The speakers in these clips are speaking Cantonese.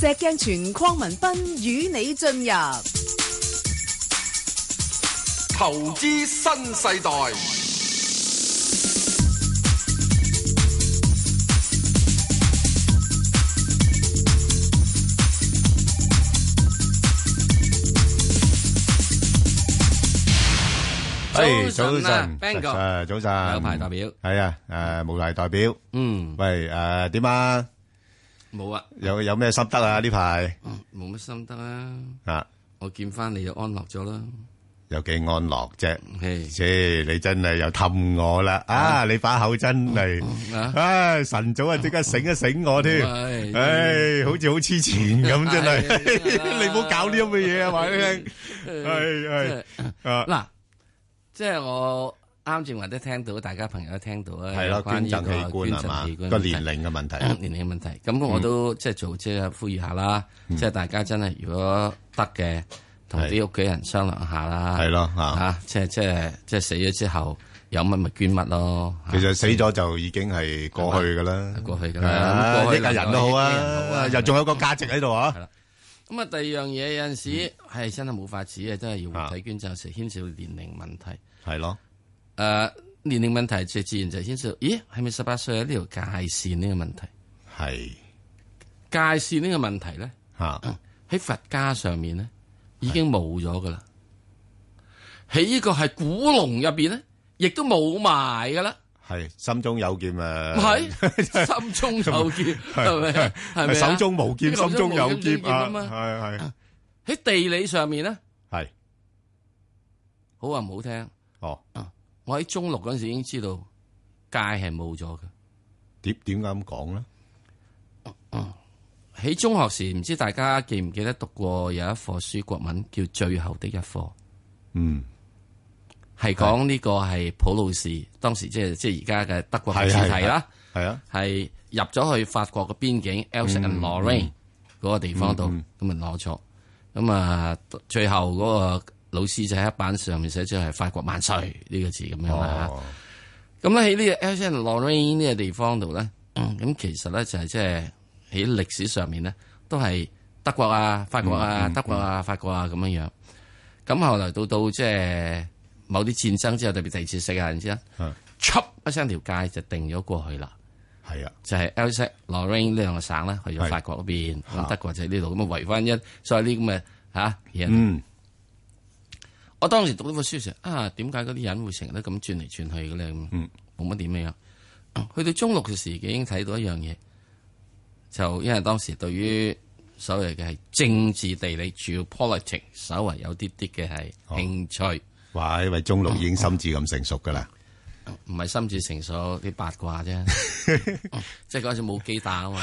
石鏡泉鄺文斌與你進入投資新世代。誒，早晨，Ben 哥，早晨，有牌代表，係啊，誒、啊，無牌代表，嗯，喂，誒，點啊？冇啊！有有咩心得啊？呢排冇乜心得啊！啊！我見翻你又安樂咗啦，有幾安樂啫？切！你真係又氹我啦！啊！你把口真係，唉！晨早啊，即刻醒一醒我添，唉，好似好黐錢咁，真係，你唔好搞啲咁嘅嘢啊！話你聽，係係啊！嗱，即係我。啱正或者聽到，大家朋友都聽到啊！係咯，捐贈器官係嘛？個年齡嘅問題，年齡嘅問題。咁我都即係做，即係呼籲下啦。即係大家真係如果得嘅，同啲屋企人商量下啦。係咯，嚇！即係即係即係死咗之後，有乜咪捐乜咯。其實死咗就已經係過去噶啦，過去噶啦。呢個人都好啊，又仲有個價值喺度啊。咁啊，第二樣嘢有陣時係真係冇法子啊，真係要捐贈時牽涉到年齡問題。係咯。誒，年齡問題最自然就牽涉，咦，係咪十八歲呢條界線呢個問題？係界線呢個問題咧，喺佛家上面咧已經冇咗噶啦，喺呢個係古龍入邊咧，亦都冇埋噶啦。係心中有劍誒，係心中有劍係咪？係咪手中無劍，心中有劍啊嘛？係係喺地理上面咧，係好話唔好聽哦。我喺中六嗰時已經知道街係冇咗嘅，點點解咁講咧？喺中學時，唔知大家記唔記得讀過有一課書國文叫《最後的一課》？嗯，係講呢個係普魯士當時，即係即係而家嘅德國嘅主題啦。係啊，係入咗去法國嘅邊境 Alsace and Lorraine 嗰個地方度，咁啊攞錯，咁、嗯、啊最後嗰、嗰個。老師就喺黑板上面寫住係法國萬歲呢個字咁樣啦嚇。咁咧喺呢個 Alsace-Lorraine 呢個地方度咧，咁其實咧就係即係喺歷史上面咧，都係德國啊、法國啊、德國啊、法國啊咁樣樣。咁後嚟到到即係某啲戰爭之後，特別第二次世界大戰，一一聲條界就定咗過去啦。係啊，就係 Alsace-Lorraine 呢兩個省啦，去咗法國嗰邊，德國就喺呢度咁啊，圍翻一所以呢咁嘅嘢。我當時讀呢本書時，啊，點解嗰啲人會成日都咁轉嚟轉去嘅咧？冇乜點咩樣。去到中六嘅時，已經睇到一樣嘢，就因為當時對於所謂嘅係政治地理，主要 politics 稍微有啲啲嘅係興趣、哦。哇！因為中六已經心智咁成熟噶啦，唔係、哦哦、心智成熟，啲八卦啫、 哦，即係嗰陣冇機打啊嘛。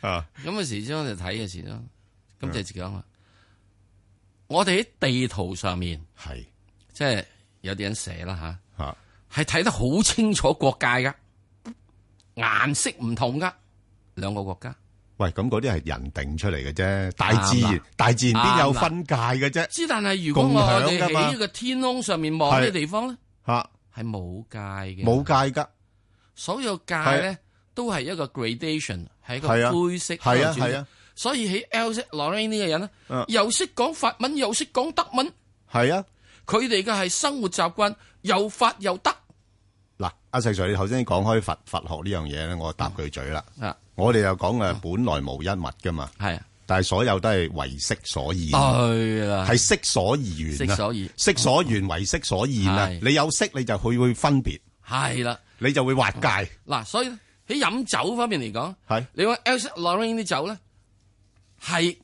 咁啊，始終就睇嘅時咯，咁就自己諗嘛我哋喺地圖上面係，是即係有啲人寫啦吓，係、啊、睇是得好清楚國界噶，顏色唔同噶兩個國家。喂，咁嗰啲係人定出嚟嘅啫，大自然，了大自然邊有分界嘅啫？知了，但係如果我哋喺呢個天空上面望嘅地方咧，吓係冇界嘅，冇界噶，的所有界咧都係一個 gradation，係一個灰的色，係啊的，係啊。所以喺 L 色 Lawrence 呢個人咧，又識講法文又識講德文，係啊！佢哋嘅係生活習慣又法又德。嗱，阿細水，你頭先講開佛佛學呢樣嘢咧，我啊答佢嘴啦。啊，我哋又講啊，本來無一物噶嘛。係啊，但係所有都係為識所現。對啦，係識所緣。識所緣，識所緣為識所現啊！你有識你就去會分別。係啦，你就會劃界。嗱，所以喺飲酒方面嚟講，係你話 L 色 Lawrence 啲酒咧。係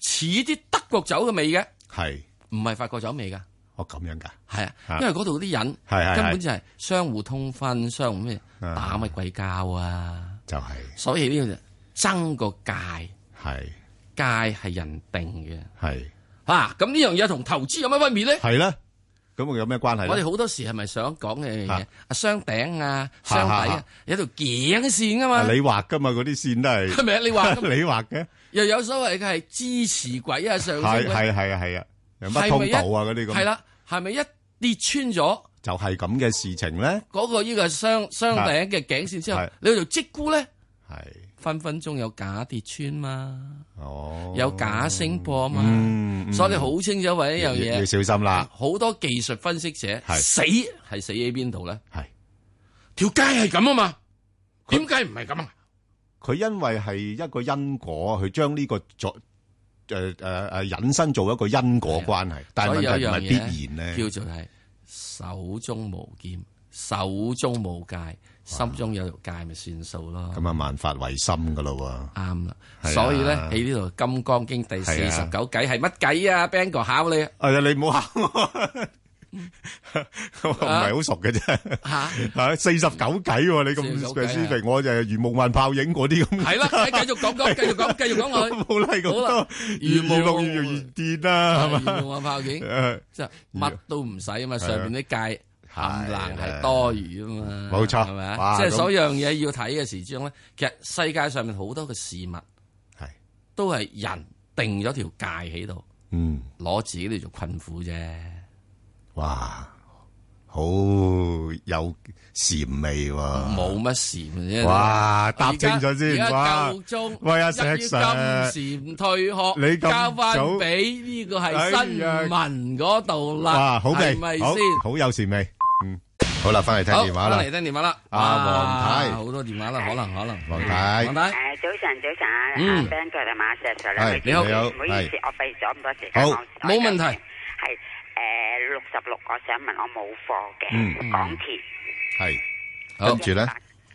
似啲德國酒嘅味嘅，係唔係法國酒味噶？哦咁樣噶，係啊，因為嗰度啲人根本就係相互通婚，相互咩打乜鬼交啊？就係，所以呢個就爭個界，係界係人定嘅，係啊。咁呢樣嘢同投資有乜分別咧？係啦，咁我有咩關係？我哋好多時係咪想講嘅嘢？啊，雙頂啊，雙底啊，有條頸線噶嘛？你畫噶嘛？嗰啲線都係係咪啊？你畫，你畫嘅。又有所謂嘅係支持軌啊，上升軌係係係啊係啊，有乜通道啊嗰啲咁。係啦，係咪一跌穿咗就係咁嘅事情咧？嗰個呢個雙雙頂嘅頸線之後，你度即估咧，係分分鐘有假跌穿嘛，哦，有假升波嘛，所以你好清楚，為呢樣嘢要小心啦。好多技術分析者死係死喺邊度咧？係條街係咁啊嘛，點解唔係咁啊？佢因為係一個因果，佢將呢個作誒誒誒引申做一個因果關係，但係問題唔係必然咧。叫做係手中無劍，手中無戒，心中有條戒咪算數咯。咁啊，萬法唯心噶咯喎。啱啦，所以咧喺呢度《金剛經》第四十九偈係乜偈啊？Bang 哥考你。係啊，你唔好考我。唔係好熟嘅啫，吓，四十九計喎，你咁 specific，我就如夢幻泡影嗰啲咁。係啦，繼續講講，繼續講，繼續講佢。冇啦，咁多如夢如夢幻泡影，即係乜都唔使，因為上邊啲界冚唪唥係多餘啊嘛，冇錯，係嘛？即係所有樣嘢要睇嘅時之中咧，其實世界上面好多嘅事物係都係人定咗條界喺度，嗯，攞自己嚟做困苦啫。哇，好有禪味喎！冇乜禪啫。哇，答清楚先，而家夠鐘，而家要金蟬退殼，你交翻俾呢個係新聞嗰度啦。啊，好嘅，好，好有禪味。嗯，好啦，翻嚟聽電話啦。翻嚟聽電話啦，阿黃太，好多電話啦，可能可能，黃太，黃太，誒，早晨，早晨啊，阿 Ben，早晨馬 Sir，早晨你好，唔好意思，我費咗咁多時間，好，冇問題。六十六我想問，我冇貨嘅港鐵係跟住呢，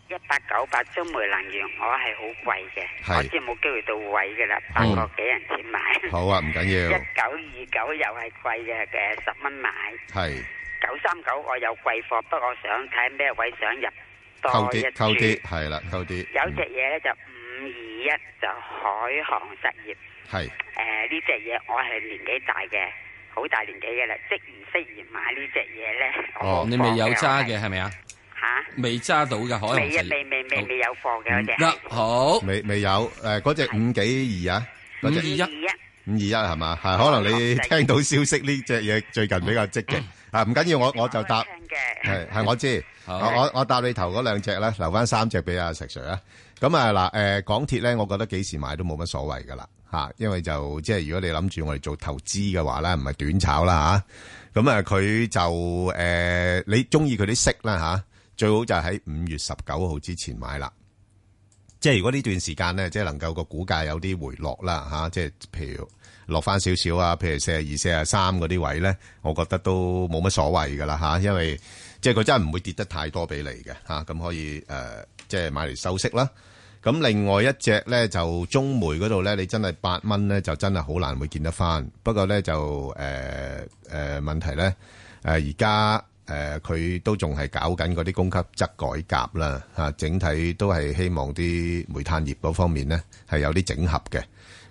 一八九八中煤能源我係好貴嘅，我知冇機會到位噶啦，八個幾人先買？好啊，唔緊要。一九二九又係貴嘅，誒十蚊買。係九三九我有貴貨，不過我想睇咩位想入，多一注。係啦，扣啲。有隻嘢咧就五二一就海航實業係誒呢隻嘢我係年紀大嘅。好大年紀嘅啦，即唔適宜買呢隻嘢咧。哦，你未有揸嘅係咪啊？吓，未揸到嘅，可能未未未未未有貨嘅。嗱，好，未未有誒，嗰隻五幾二啊？五二一，五二一係嘛？係可能你聽到消息呢隻嘢最近比較積極啊，唔緊要，我我就答係係我知，我我我答你頭嗰兩隻啦，留翻三隻俾阿石 Sir 啊。咁啊嗱，誒，港鐵咧，我覺得幾時買都冇乜所謂噶啦。吓，因為就即係如果你諗住我哋做投資嘅話咧，唔係短炒啦吓，咁啊佢就誒、呃，你中意佢啲息啦吓，最好就喺五月十九號之前買啦。即係如果呢段時間咧，即係能夠個股價有啲回落啦吓、啊，即係譬如落翻少少啊，譬如四十二、四十三嗰啲位咧，我覺得都冇乜所謂噶啦吓，因為即係佢真係唔會跌得太多俾你嘅吓，咁、啊、可以誒、呃，即係買嚟收息啦。咁另外一隻咧就中煤嗰度咧，你真係八蚊咧就真係好難會見得翻。不過咧就誒誒問題咧誒而家誒佢都仲係搞緊嗰啲供給側改革啦吓，整體都係希望啲煤炭業嗰方面咧係有啲整合嘅。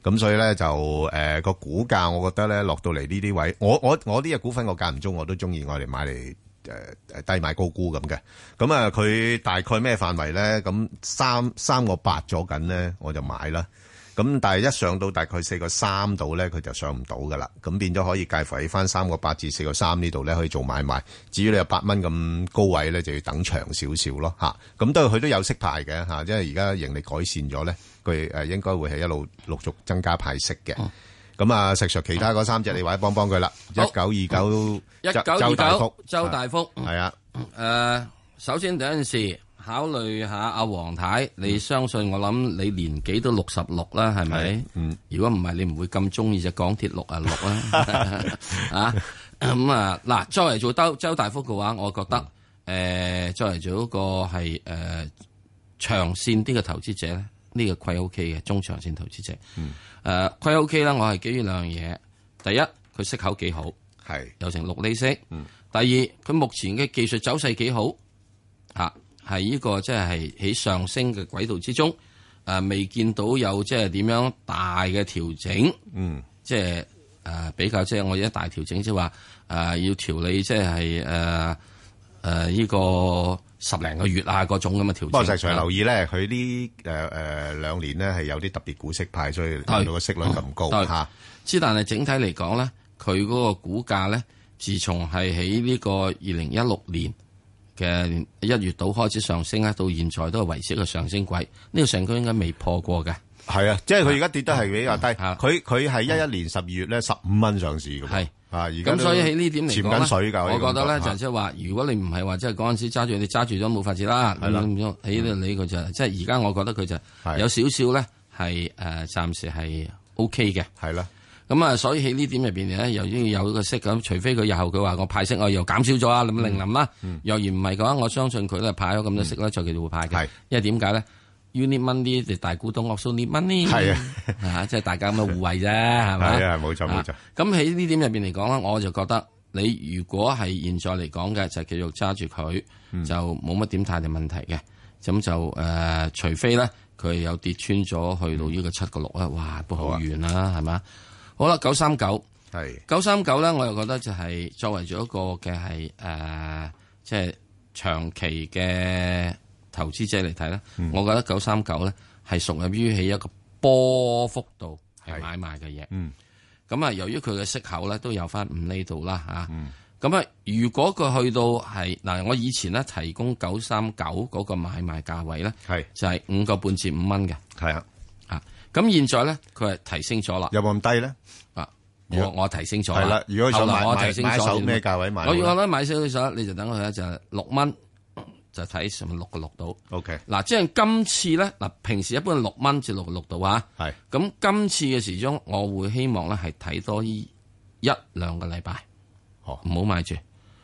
咁所以咧就誒個股價我覺得咧落到嚟呢啲位，我我我呢隻股份我間唔中我都中意我嚟買嚟。誒低買高沽咁嘅，咁啊佢大概咩範圍咧？咁三三個八咗緊咧，我就買啦。咁但係一上到大概四個三度咧，佢就上唔到噶啦。咁變咗可以介乎喺翻三個八至四個三呢度咧，可以做買賣。至於你有八蚊咁高位咧，就要等長少少咯嚇。咁都係佢都有息派嘅嚇，因為而家盈利改善咗咧，佢誒應該會係一路陸續增加派息嘅。嗯咁啊，食 Sir，其他嗰三隻你或者幫幫佢啦，一九二九、一九二九、周大福、周大福，係啊。誒，首先第一件事，考慮下阿黃太，你相信我諗，你年紀都六十六啦，係咪？嗯。如果唔係，你唔會咁中意隻港鐵六啊六啦。啊，咁啊，嗱，作為做周周大福嘅話，我覺得誒，作為做一個係誒長線啲嘅投資者咧。呢個 quite OK 嘅中長線投資者，誒 quite、嗯 uh, OK 啦，我係基於兩樣嘢。第一，佢息口幾好，係有是成六厘息。嗯、第二，佢目前嘅技術走勢幾好，嚇係呢個即係喺上升嘅軌道之中，誒、啊、未見到有即係點樣大嘅調整。嗯，即係誒比較即係、就是、我而家大調整，即係話誒要調理，即係誒誒呢個。十零個月啊，嗰種咁嘅條件。不過實際上留意咧，佢呢誒誒兩年呢，係有啲特別股息派，所以令到個息率咁高嚇。之、嗯、但係整體嚟講咧，佢嗰個股價咧，自從係喺呢個二零一六年嘅一月度開始上升，到現在都係維持一個上升軌。呢、這個上軌應該未破過嘅。係啊，即係佢而家跌得係比較低。佢佢係一一年十二月咧十五蚊上市㗎啊！而家咁所以喺呢點嚟講，我覺得咧就即係話，如果你唔係話即係嗰陣時揸住你揸住咗冇法子啦，係啦，咁喺度呢個就即係而家我覺得佢就有少少咧係誒暫時係 O K 嘅，係啦。咁啊，所以喺呢點入面呢，咧，又要有個息咁，除非佢日後佢話我派息我又減少咗啊，另諗啦。若然唔係嘅話，我相信佢呢派咗咁多息啦，再佢就會派嘅。因為點解咧？u n i m money 大股東，我數聯 m o n 啊，y 即係大家咁嘅互惠啫，係咪？係啊，冇錯冇錯。咁喺呢點入面嚟講咧，我就覺得你如果係現在嚟講嘅，就是、繼續揸住佢，就冇乜點太大問題嘅。咁就誒，除非咧佢有跌穿咗去到呢個七個六啦，哇，都、啊、好遠、啊、啦，係嘛？好啦，九三九係九三九咧，我又覺得就係作為咗一個嘅係誒，即係、呃就是、長期嘅。投資者嚟睇咧，嗯、我覺得九三九咧係屬於起一個波幅度係買賣嘅嘢。咁啊，嗯、由於佢嘅息口咧都有翻五厘度啦嚇。咁啊，嗯、如果佢去到係嗱，我以前咧提供九三九嗰個買賣價位咧，係就係五個半至五蚊嘅。係啊，啊咁現在咧佢係提升咗啦。有冇咁低咧？啊，我我提升咗。係啦，如果想買我提升買,買手咩價位買？我要覺得買手手你就等佢一就六蚊。就睇上面六個六度 OK 嗱，即係今次咧，嗱，平時一般六蚊至六個六度啊，係。咁今次嘅時鐘，我會希望咧係睇多呢一兩個禮拜，哦，唔好買住，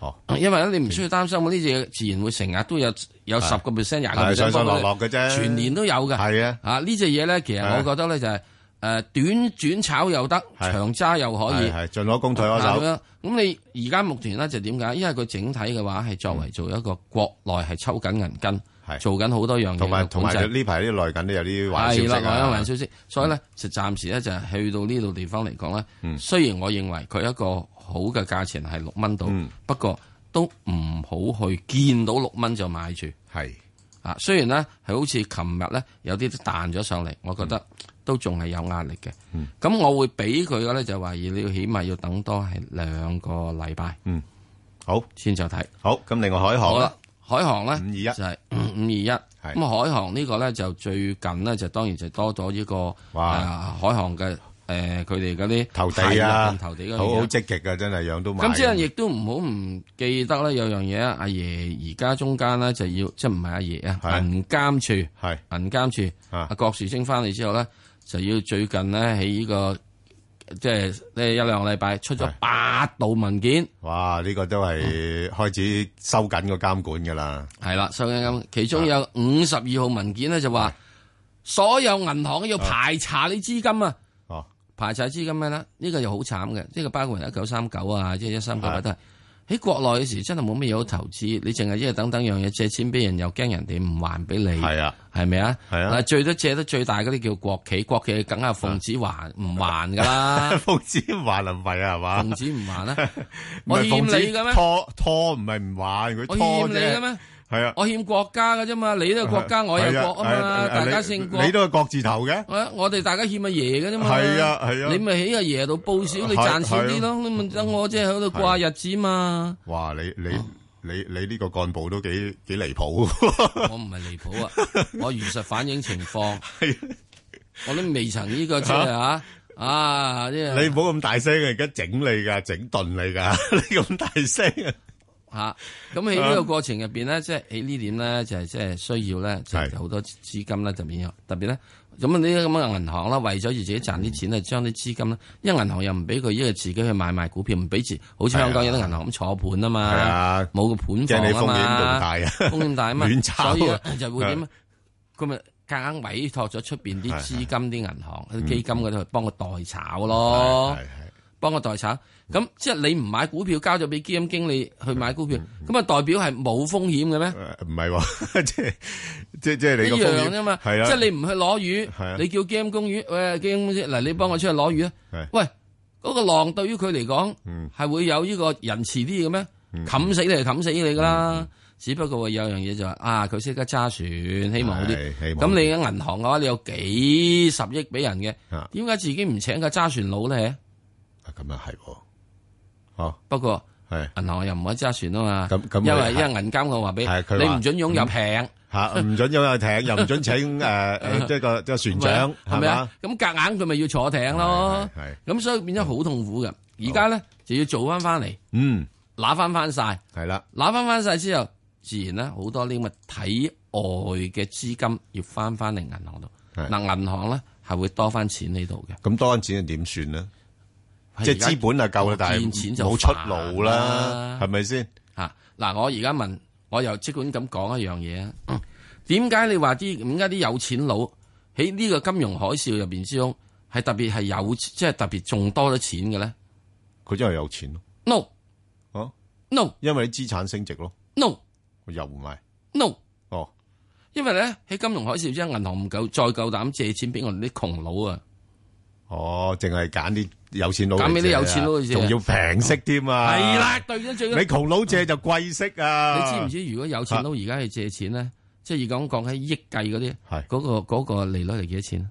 哦，因為咧你唔需要擔心，呢隻嘢自然會成日都有有十個 percent 廿個 percent 落落嘅啫，全年都有嘅。係啊，啊呢隻嘢咧，其實我覺得咧就係。誒短轉炒又得，長揸又可以，係的盡攞公退手。咁你而家目前咧就點解？因為佢整體嘅話係作為做一個國內係抽緊銀根，的做緊好多樣嘢。同埋同埋呢排啲內緊都有啲壞消息。啦，講緊壞消息，所以咧、嗯、就暫時咧就去到呢度地方嚟講咧。嗯、雖然我認為佢一個好嘅價錢係六蚊度，嗯、不過都唔好去見到六蚊就買住。啊，雖然咧係好似琴日咧有啲彈咗上嚟，我覺得都仲係有壓力嘅。咁、嗯、我會俾佢嘅咧就懷疑你要起碼要等多係兩個禮拜。嗯，好先就睇。好，咁另外海航，海航咧五二一就係五五二一。咁海航呢個咧就最近咧就當然就多咗呢個哇海航嘅。誒，佢哋嗰啲投地啊，投地嗰啲，好好積極噶，真係樣都買。咁即係亦都唔好唔記得呢，有樣嘢啊。阿爺而家中間咧就要，即係唔係阿爺啊，銀監處，銀監處，阿、啊、郭樹清翻嚟之後咧就要最近呢、這個，喺呢個即係咧一兩個禮拜出咗八道文件。哇！呢、這個都係開始收緊個監管噶啦。係啦、啊啊，收緊監，其中有五十二號文件呢，就話、啊、所有銀行要排查啲資金啊。排晒資咁樣啦？呢、這個又好慘嘅，呢、這個包括一九三九啊，即一三九八都係喺國內嘅時，真係冇乜嘢好投資，你淨係即係等等樣嘢借錢俾人，又驚人哋唔還俾你，係是啊嗎，係咪是啊？係啊，最多借得最大嗰啲叫國企，國企梗係奉旨還唔是、啊、還噶啦， 奉旨還能為啊，係嘛？奉旨唔還啦，我奉你嘅咩？拖拖唔係唔還佢拖啫。係啊，我欠國家㗎啫嘛，你都係國家，我有國啊嘛，大家姓國，你都係國字頭嘅。我哋大家欠阿爺嘅啫嘛，係啊係啊，你咪喺阿爺度報銷，你賺錢啲咯，你咪等我即係喺度掛日子嘛。哇，你你你你呢個幹部都幾幾離譜。我唔係離譜啊，我如實反映情況，我都未曾呢個出嚟啊！你唔好咁大聲啊，而家整你噶，整頓你噶，你咁大聲啊！嚇！咁喺呢個過程入邊咧，即係喺呢點咧，就係即係需要咧，就好多資金咧，就變咗特別咧。咁啊，啲咁嘅銀行啦，為咗自己賺啲錢咧，將啲資金咧，因為銀行又唔俾佢，因為自己去買賣股票，唔俾自，好似香港有啲銀行咁坐盤啊嘛，冇個盤放啊嘛，風險大啊，風險大啊嘛，所以就會點？佢咪硬委託咗出邊啲資金啲銀行、啲基金嗰度幫佢代炒咯。幫我代炒，咁即係你唔買股票，交咗俾基金經理去買股票，咁啊代表係冇風險嘅咩？唔係喎，即係即係即係你一樣啫嘛。即係你唔去攞魚，你叫基金公園，喂基金公司，嗱你幫我出去攞魚啊。喂，嗰個狼對於佢嚟講，係會有呢個仁慈啲嘅咩？冚死你就冚死你噶啦。只不過有樣嘢就話啊，佢識得揸船，希望嗰啲。咁你喺銀行嘅話，你有幾十億俾人嘅，點解自己唔請個揸船佬咧？咁啊，係，哦，不過係銀行又唔可以揸船啊嘛，因為因為銀監我話俾你唔准擁有艇，吓，唔准擁有艇，又唔准請誒誒即係個個船長係咪啊？咁夾硬佢咪要坐艇咯，係，咁所以變咗好痛苦嘅。而家咧就要做翻翻嚟，嗯，攞翻翻晒，係啦，攞翻翻晒之後，自然咧好多呢啲物體外嘅資金要翻翻嚟銀行度，嗱，銀行咧係會多翻錢呢度嘅，咁多翻錢係點算咧？即係資本啊，夠啦，但係錢就冇出路啦，係咪先？吓，嗱，我而家問，我又即管咁講一樣嘢啊。點解、嗯、你話啲點解啲有錢佬喺呢個金融海嘯入邊之中特別有，係、就是、特別係有即係特別仲多咗錢嘅咧？佢真係有錢咯。No，啊，no，因為啲資產升值咯。No，又唔係。No，哦，因為咧喺金融海嘯之間，銀行唔夠，再夠膽借錢俾我哋啲窮佬啊。哦，淨係揀啲有錢佬，揀啲啲有錢佬，仲要平息添啊！係啦，對得住。你窮佬借就貴息啊！你知唔知？如果有錢佬而家去借錢咧，即係如果講喺億計嗰啲，係嗰個嗰個利率係幾多錢？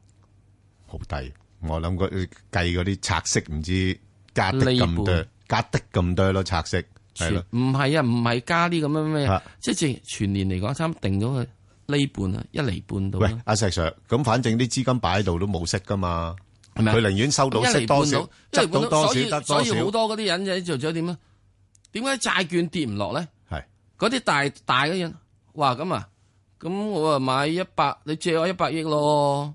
好低，我諗過計嗰啲拆息唔知加得咁多，加得咁多咯。拆息係咯，唔係啊，唔係加啲咁樣咩？即係全全年嚟講，差唔定咗個厘半啊，一厘半到。喂，阿石 Sir，咁反正啲資金擺喺度都冇息噶嘛。佢寧願收到一厘半到，執到多少得多少。所以好多嗰啲人就做咗點啊？點解債券跌唔落咧？係嗰啲大大嘅人哇咁啊，咁我啊買一百，你借我一百億咯，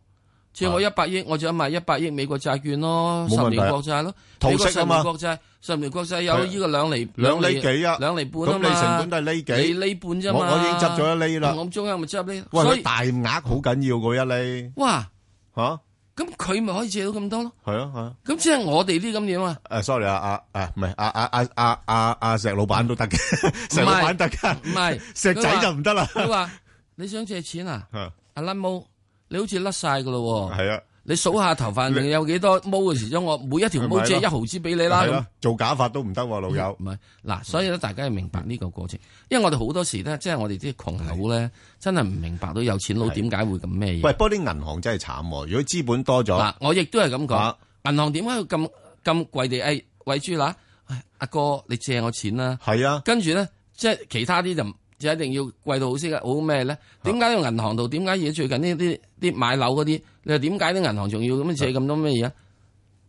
借我一百億，我就想買一百億美國債券咯，十年國債咯，美國十年國債，十年國債有呢個兩厘，兩厘幾啊，兩厘半啊嘛。咁你成本都係厘幾？你厘半啫嘛。我已經執咗一厘啦。我唔中啊，咪執呢？喂，大額好緊要嗰一厘。哇，吓！咁佢咪可以借到咁多咯？係啊，係啊。咁即係我哋啲咁樣啊。誒，sorry 啊，阿誒，唔係阿阿阿阿阿阿石老闆都得嘅，石老闆得嘅，唔係石仔就唔得啦。佢話你想借錢啊？阿 Lam，你好似甩晒噶咯喎。係啊。你數下頭髮你有幾多毛嘅時候，我每一條毛借一毫紙俾你啦樣。做假髮都唔得、啊，老友。唔係嗱、嗯，所以咧，大家要明白呢個過程。是的 因為我哋好多時咧，是的 即係我哋啲窮佬咧，真係唔明白到有錢佬點解會咁咩嘢。喂，不過啲銀行真係慘、啊。如果資本多咗，嗱，我亦都係咁講。啊、銀行點解要咁咁貴地？喂、哎，喂豬乸，阿、哎、哥你借我錢啦。係啊。跟住咧，即係其他啲就即一定要貴到好先好咩咧？點解用銀行度？點解要最近呢啲啲買樓嗰啲？你話點解啲銀行仲要咁樣借咁多乜嘢啊？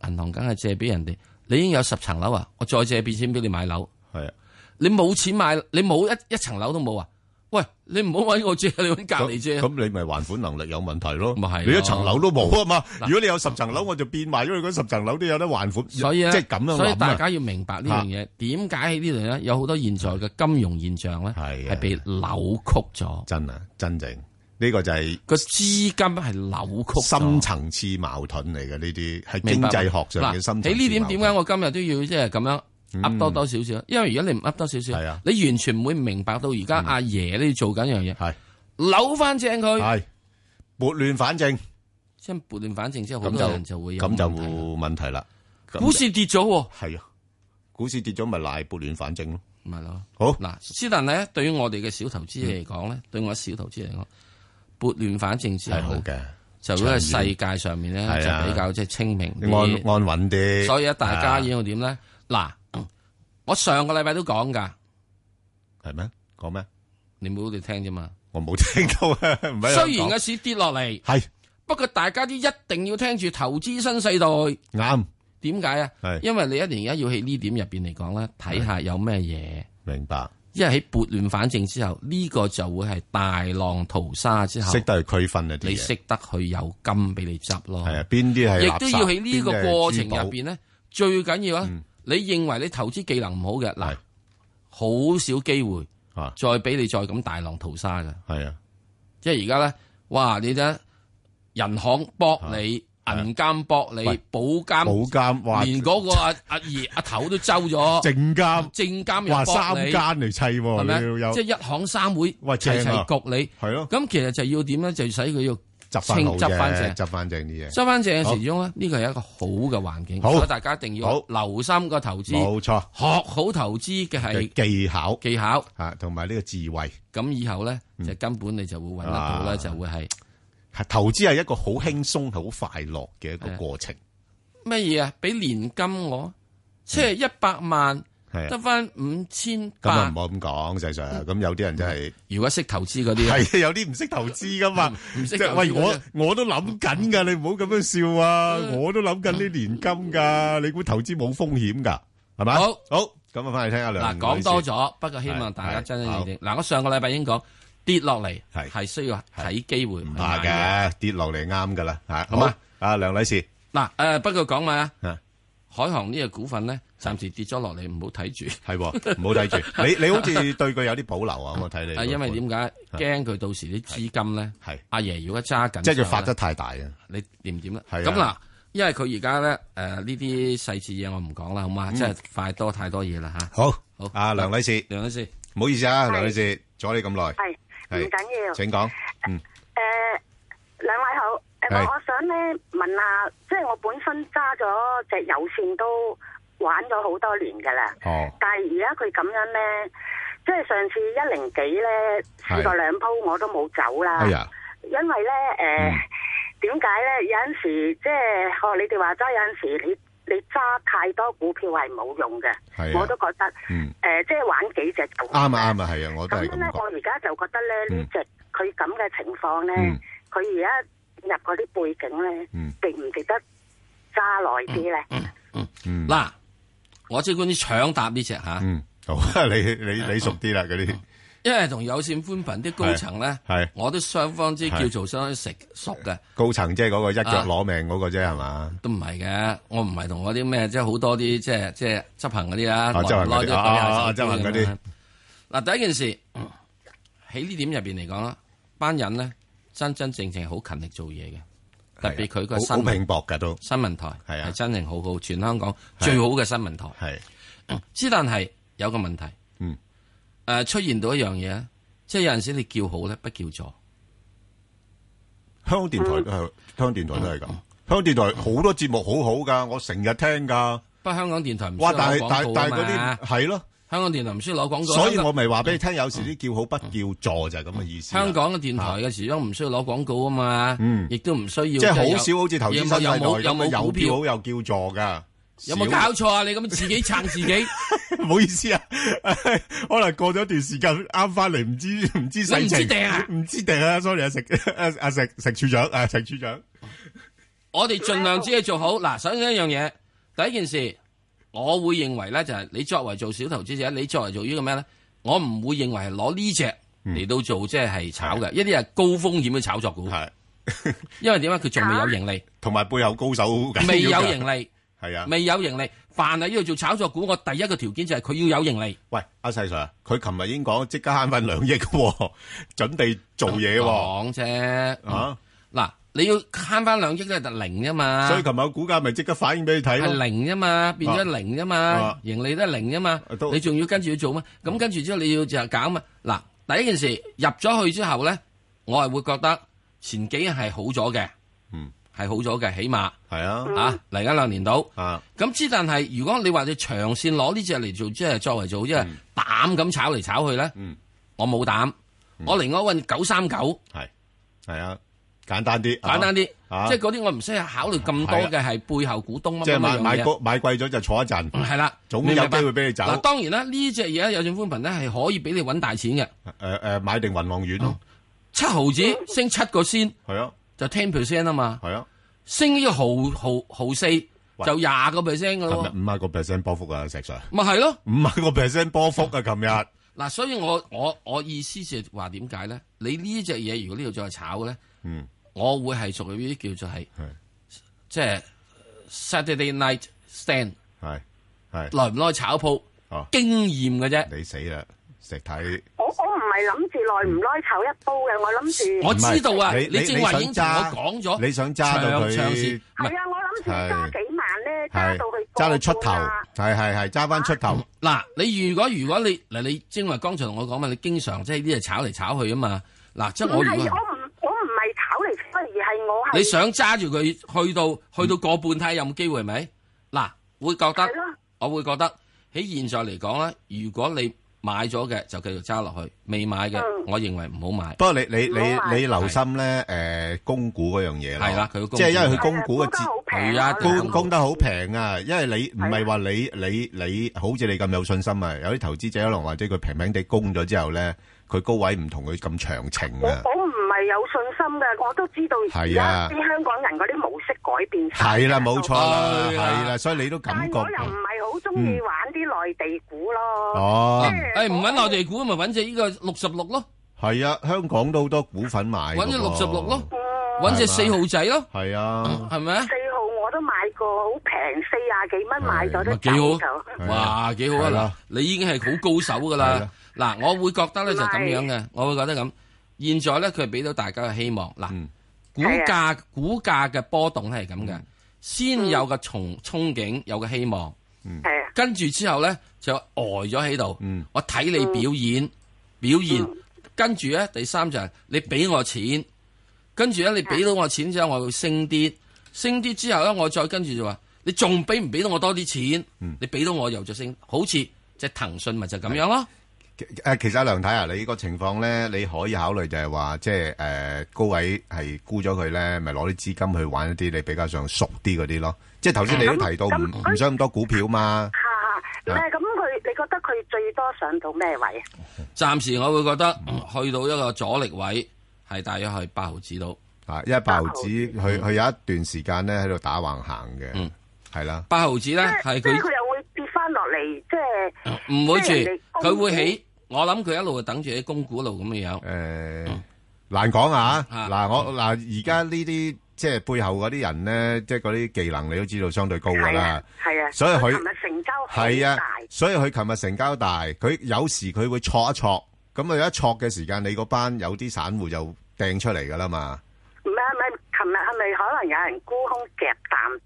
銀是的 行梗係借俾人哋，你已經有十層樓啊？我再借畀錢俾你買樓？係啊，你冇錢買，你冇一一層樓都冇啊？喂，你唔好搵我借，你搵隔籬借，啊。咁 你咪還款能力有問題咯？咪係是你一層樓都冇啊嘛？的如果你有十層樓，我就變賣咗佢嗰十層樓都有得還款。所以即係咁樣。所以大家要明白呢樣嘢，點解喺呢度有好多現在嘅金融現象咧，係被扭曲咗。真啊，真正。呢個就係個資金係扭曲，深層次矛盾嚟嘅，呢啲係經濟學上嘅深。你呢點點解我今日都要即係咁樣噏多多少少？因為如果你唔噏多少少，你完全唔會明白到而家阿爺呢做緊一樣嘢係扭翻正佢係撥亂反正，即係撥亂反正，即係好多人就會咁就冇問題啦。股市跌咗，係啊，股市跌咗咪賴撥亂反正咯，咪咯好嗱。但係咧，對於我哋嘅小投資嚟講咧，對我小投資嚟講。撥亂反正先係好嘅，就如果係世界上面咧，就比較即係清明，安安穩啲。所以一大家要點咧？嗱，我上個禮拜都講噶，係咩？講咩？你冇好哋聽啫嘛？我冇聽到。雖然個市跌落嚟，係不過大家都一定要聽住《投資新世代》。啱，點解啊？因為你一年而家要喺呢點入邊嚟講咧，睇下有咩嘢。明白。因為喺撥亂反正之後，呢個就會係大浪淘沙之後，識得去區分一啲嘢，你識得去有金俾你執咯。係啊，邊啲係，亦都要喺呢個過程入邊咧，最緊要啊！你認為你投資技能唔好嘅，嗱、嗯，好少機會再俾你再咁大浪淘沙噶。係啊，即係而家咧，哇！你睇人行博你。銀監、博理、保監、保監，連嗰個阿阿爺、阿頭都周咗，證監、證監又話三間嚟砌，係咪即係一行三會齊齊焗你？係咯，咁其實就要點咧，就使佢要執翻，執翻正執翻正啲嘢，執翻正嘅時中咧，呢個係一個好嘅環境，好大家一定要好留心個投資，冇錯，學好投資嘅係技巧、技巧吓，同埋呢個智慧，咁以後咧就根本你就會揾得到啦，就會係。投資係一個好輕鬆、好快樂嘅一個過程。乜嘢啊？俾年金我，即係一百萬，得翻五千八。咁啊，唔好咁講，事實上，咁有啲人真係。如果識投資嗰啲，係有啲唔識投資噶嘛？唔識喂，我我都諗緊噶，你唔好咁樣笑啊！我都諗緊啲年金噶，你估投資冇風險噶？係咪？好，咁啊，翻嚟聽阿梁嗱，講多咗，不過希望大家真真正正嗱，我上個禮拜已經講。跌落嚟係係需要睇機會，唔怕嘅跌落嚟啱噶啦吓，好嘛？阿梁女士嗱，誒，不過講埋啊，海航呢個股份咧，暫時跌咗落嚟，唔好睇住，係唔好睇住。你你好似對佢有啲保留啊？我睇你。因為點解？驚佢到時啲資金咧係阿爺如果揸緊，即係佢發得太大啊？你點唔點啊？咁嗱，因為佢而家咧誒，呢啲細節嘢我唔講啦，好嘛？即係快多太多嘢啦吓，好好。阿梁女士，梁女士，唔好意思啊，梁女士，阻你咁耐。唔緊要，請講、嗯。嗯，誒、呃，兩位好，誒、呃，是我想咧問下即係我本身揸咗隻有綫都玩咗好多年噶啦。哦，但係而家佢咁樣咧，即係上次一零幾咧試過兩鋪，我都冇走啦。係啊、哎呀，因為咧，誒、呃，點解咧？有陣時即係學你哋話齋，有陣時你。你揸太多股票係冇用嘅，我都覺得。誒，即係玩幾隻就啱啊！啱啊，係啊，我都係咁樣咧。我而家就覺得咧，呢隻佢咁嘅情況咧，佢而家入嗰啲背景咧，值唔值得揸耐啲咧？嗯嗯嗯，嗱，我即管你搶答呢隻吓，嗯，好，你你你熟啲啦嗰啲。因為同有線寬頻啲高層咧，我都雙方之叫做相當食熟嘅。高層即係嗰個一腳攞命嗰個啫，係嘛？都唔係嘅，我唔係同嗰啲咩，即係好多啲即係即係執行嗰啲啦。啊，執行嗰啲嗱，第一件事喺呢點入邊嚟講啦，班人咧真真正正好勤力做嘢嘅，特別佢個新好拼搏㗎都新聞台係啊，真係好好，全香港最好嘅新聞台係。之但係有個問題。誒，出現到一樣嘢，即係有陣時你叫好咧，不叫座。香港電台都係，香港電台都係咁。香港電台好多節目好好㗎，我成日聽㗎。不過香港電台唔需要攞廣告啊嘛。係咯，香港電台唔需要攞廣告。所以我咪話俾你聽，有時啲叫好不叫座就係咁嘅意思。香港嘅電台嘅時鐘唔需要攞廣告啊嘛。嗯，亦都唔需要。即係好少，好似投資有冇有票好又叫座㗎？小有冇搞錯啊？你咁樣自己撐自己，唔 好意思啊！可能過咗段時間啱翻嚟，唔知唔知唔知定啊？唔知定啊？sorry 啊，阿阿陳陳處長啊，陳、啊、處長。啊、處長我哋盡量將嘢做好。嗱、啊，首先一樣嘢，第一件事，我會認為咧就係、是、你作為做小投資者，你作為做呢個咩咧，我唔會認為係攞呢隻嚟到做即係、嗯、炒嘅，一啲係高風險嘅炒作股。係是的， 因為點解佢仲未有盈利，同埋、啊、背後高手未有盈利。係啊，未有盈利，凡係要做炒作股，我第一個條件就係佢要有盈利。喂，阿細 Sir，佢琴日已經講，即刻慳翻兩億嘅，準備做嘢。講啫，吓嗱，你要慳翻兩億都係得零啊嘛。所以琴日股價咪即刻反應俾你睇。係零啊嘛，變咗零啊嘛，盈利都係零啊嘛，你仲要跟住去做咩？咁跟住之後你要就係搞嘛。嗱，第一件事入咗去之後咧，我係會覺得前幾日係好咗嘅。嗯。係好咗嘅，起碼係啊，吓嚟緊兩年到，啊咁之但係如果你話你長線攞呢隻嚟做，即係作為做，即係膽咁炒嚟炒去咧，我冇膽，我另外搵九三九，係係啊，簡單啲，簡單啲，即係嗰啲我唔需要考慮咁多嘅，係背後股東乜咁樣嘅，即係買買貴咗就坐一陣，係啦，總有機會俾你賺。嗱，當然啦，呢隻嘢咧，有線寬頻咧係可以俾你搵大錢嘅，誒誒，買定云望遠，七毫子升七個先，係啊。就 ten percent 啊嘛，係啊，升一毫毫毫四喂就廿個 percent 噶咯，五萬個 percent 波幅啊，石 Sir 咪係咯，五萬個 percent 波幅啊，琴日嗱，所以我我我意思就話點解咧？你呢隻嘢如果呢度再炒咧，嗯，我會係屬於呢啲叫做係是即係 Saturday night stand，係係耐唔耐炒鋪，哦、啊，經驗嘅啫，你死啦，石睇。我唔係諗住耐唔耐炒一波嘅，我諗住我知道啊！你你正話已經同我講咗，你想揸到佢係啊！我諗住揸幾萬咧，揸到佢揸到出頭，係係係揸翻出頭。嗱，你如果如果你嗱，你正話剛才同我講嘛，你經常即係啲嘢炒嚟炒去啊嘛。嗱，即係我唔係我唔我唔係炒嚟，而係我係你想揸住佢去到去到過半梯有冇機會？係咪嗱，會覺得我會覺得喺現在嚟講咧，如果你買咗嘅就繼續揸落去，未買嘅、嗯、我認為唔好買。不過你你你你留心咧，誒是，供、呃、股嗰樣嘢係啦，佢即係因為佢供股嘅折係啊，供供得好平啊，因為你唔係話你你你，好似你咁有信心啊，有啲投資者可能或者佢平平地供咗之後咧，佢高位唔同佢咁長情啊。係有信心嘅，我都知道啲香港人嗰啲模式改變曬。係啦，冇錯啦，係啦，所以你都感覺。但係我又唔係好中意玩啲內地股咯。哦，誒唔揾內地股，咪揾隻呢個六十六咯。係啊，香港都好多股份買。揾隻六十六咯，揾隻四號仔咯。係啊，係咪？四號我都買過，好平，四廿幾蚊買咗啲幾好。哇，幾好啊！嗱，你已經係好高手㗎啦。嗱，我會覺得咧就咁樣嘅，我會覺得咁。現在咧，佢俾到大家嘅希望。嗱，股價股價嘅波動係咁嘅，先有個憧憧憬，有個希望。跟住之後咧就呆咗喺度。嗯。我睇你表演，表演。跟住咧，第三就係你俾我錢。跟住咧，你俾到我錢之後，我會升啲，升啲之後咧，我再跟住就話，你仲俾唔俾到我多啲錢？你俾到我又再升，好似即係騰訊咪就咁樣咯。其實阿梁太啊，你呢個情況咧，你可以考慮就係話，即係誒高位係沽咗佢咧，咪攞啲資金去玩一啲你比較上熟啲嗰啲咯。即係頭先你都提到唔唔、嗯嗯、想咁多股票嘛。咁佢你覺得佢最多上到咩位啊？暫時我會覺得去到一個阻力位係大約去八毫子到。啊，因為八毫子佢佢、嗯、有一段時間咧喺度打橫行嘅。嗯，係啦。八毫子咧佢。佢又會跌翻落嚟，即係唔會住，佢、嗯、會起。我諗佢一路就等住啲供股路咁嘅樣。誒、嗯，難講啊。嗱我嗱而家呢啲即係背後嗰啲人咧,即係嗰啲技能你都知道相對高噶啦。係啊，所以佢。琴日成交係好大。所以佢琴日成交大，佢有時佢會挫一挫，咁佢一挫嘅時間，你嗰班有啲散戶就掟出嚟噶啦嘛。唔係唔係，琴日係咪可能有人沽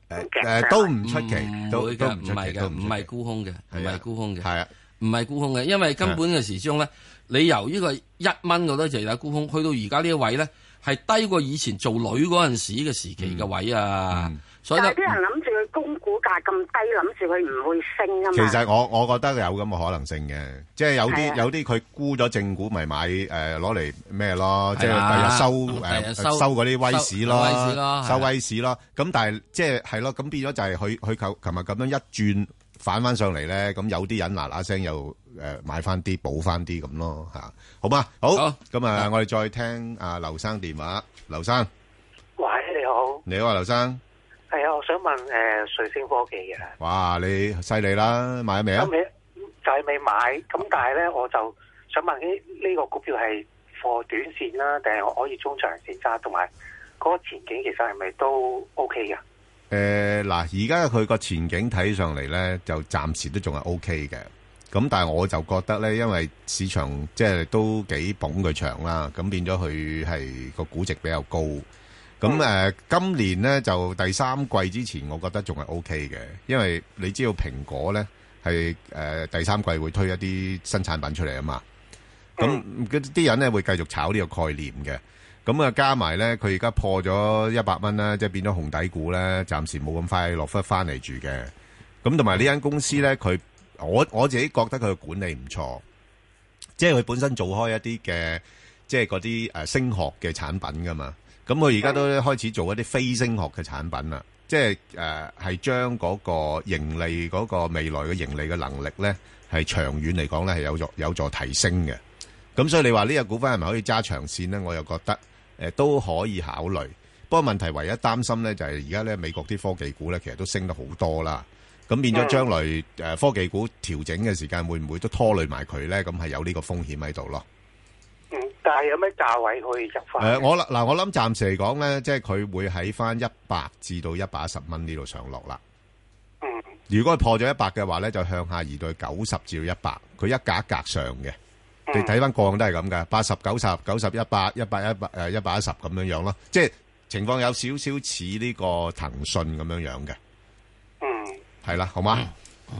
空夾彈？誒都唔出奇。都唔出奇。唔係沽空嘅，唔係沽空嘅。係啊。唔係沽空嘅，因為根本嘅時鐘咧，是的 你由呢個一蚊嗰度就係沽空，去到而家呢個位咧，係低過以前做女嗰陣時嘅時期嘅位啊。嗯、所以有啲人諗住佢供股價咁低，諗住佢唔會升啊嘛。其實我我覺得有咁嘅可能性嘅，即係有啲是的 有啲佢沽咗正股，咪買誒攞嚟咩咯？即係第日收的、嗯、收嗰啲收威士咯，收威士咯。咁但係即係係咯，咁變咗就係佢佢就琴日咁樣一轉。反翻上嚟咧，咁有啲人嗱嗱聲又誒買翻啲補翻啲咁咯吓，好嘛？好，咁啊，我哋再聽阿劉生電話。劉生，喂，你好。你好啊，劉生，係啊，我想問誒，瑞星科技嘅，哇，你犀利啦，買咗未啊？咁未就係未買，咁但係咧，我就想問啲呢個股票係貨短線啦，定係可以中長線揸？同埋嗰個前景其實係咪都 OK 㗎？誒，嗱，呃，而家佢個前景睇上嚟呢，就暫時都仲係 O K 嘅。咁但係我就覺得呢，因為市場即係都幾捧佢場啦，咁變咗佢係個估值比較高。咁誒，呃，今年呢，就第三季之前，我覺得仲係 O K 嘅，因為你知道蘋果呢係誒，呃，第三季會推一啲新產品出嚟啊嘛。咁啲人呢會繼續炒呢個概念嘅。咁啊，加埋咧，佢而家破咗一百蚊啦，即係變咗紅底股咧，暫時冇咁快落返翻嚟住嘅。咁同埋呢間公司咧，佢我我自己覺得佢嘅管理唔錯，即係佢本身做開一啲嘅，即係嗰啲誒升學嘅產品噶嘛。咁佢而家都開始做一啲非升學嘅產品啦，即係誒係將嗰個盈利嗰個未來嘅盈利嘅能力咧，係長遠嚟講咧係有助有助提升嘅。咁所以你話呢隻股份係咪可以揸長線咧？我又覺得。誒，都可以考慮。不過問題唯一擔心呢，就係而家呢美國啲科技股呢，其實都升得好多啦。咁變咗將來、嗯呃、科技股調整嘅時間，會唔會都拖累埋佢呢？咁係有呢個風險喺度咯。嗯，但係有咩價位可以入翻、呃？我諗、呃、暫時嚟講呢，即係佢會喺翻一百至到一百一十蚊呢度上落啦。嗯、如果破咗一百嘅話呢，就向下移到九十至到一百，佢一格一格上嘅。你睇翻個案都係咁㗎，八十九十、九十一百、一百一百、誒一百一十咁樣樣咯，即係情況有少少似呢個騰訊咁樣樣嘅。嗯，係啦，好嗎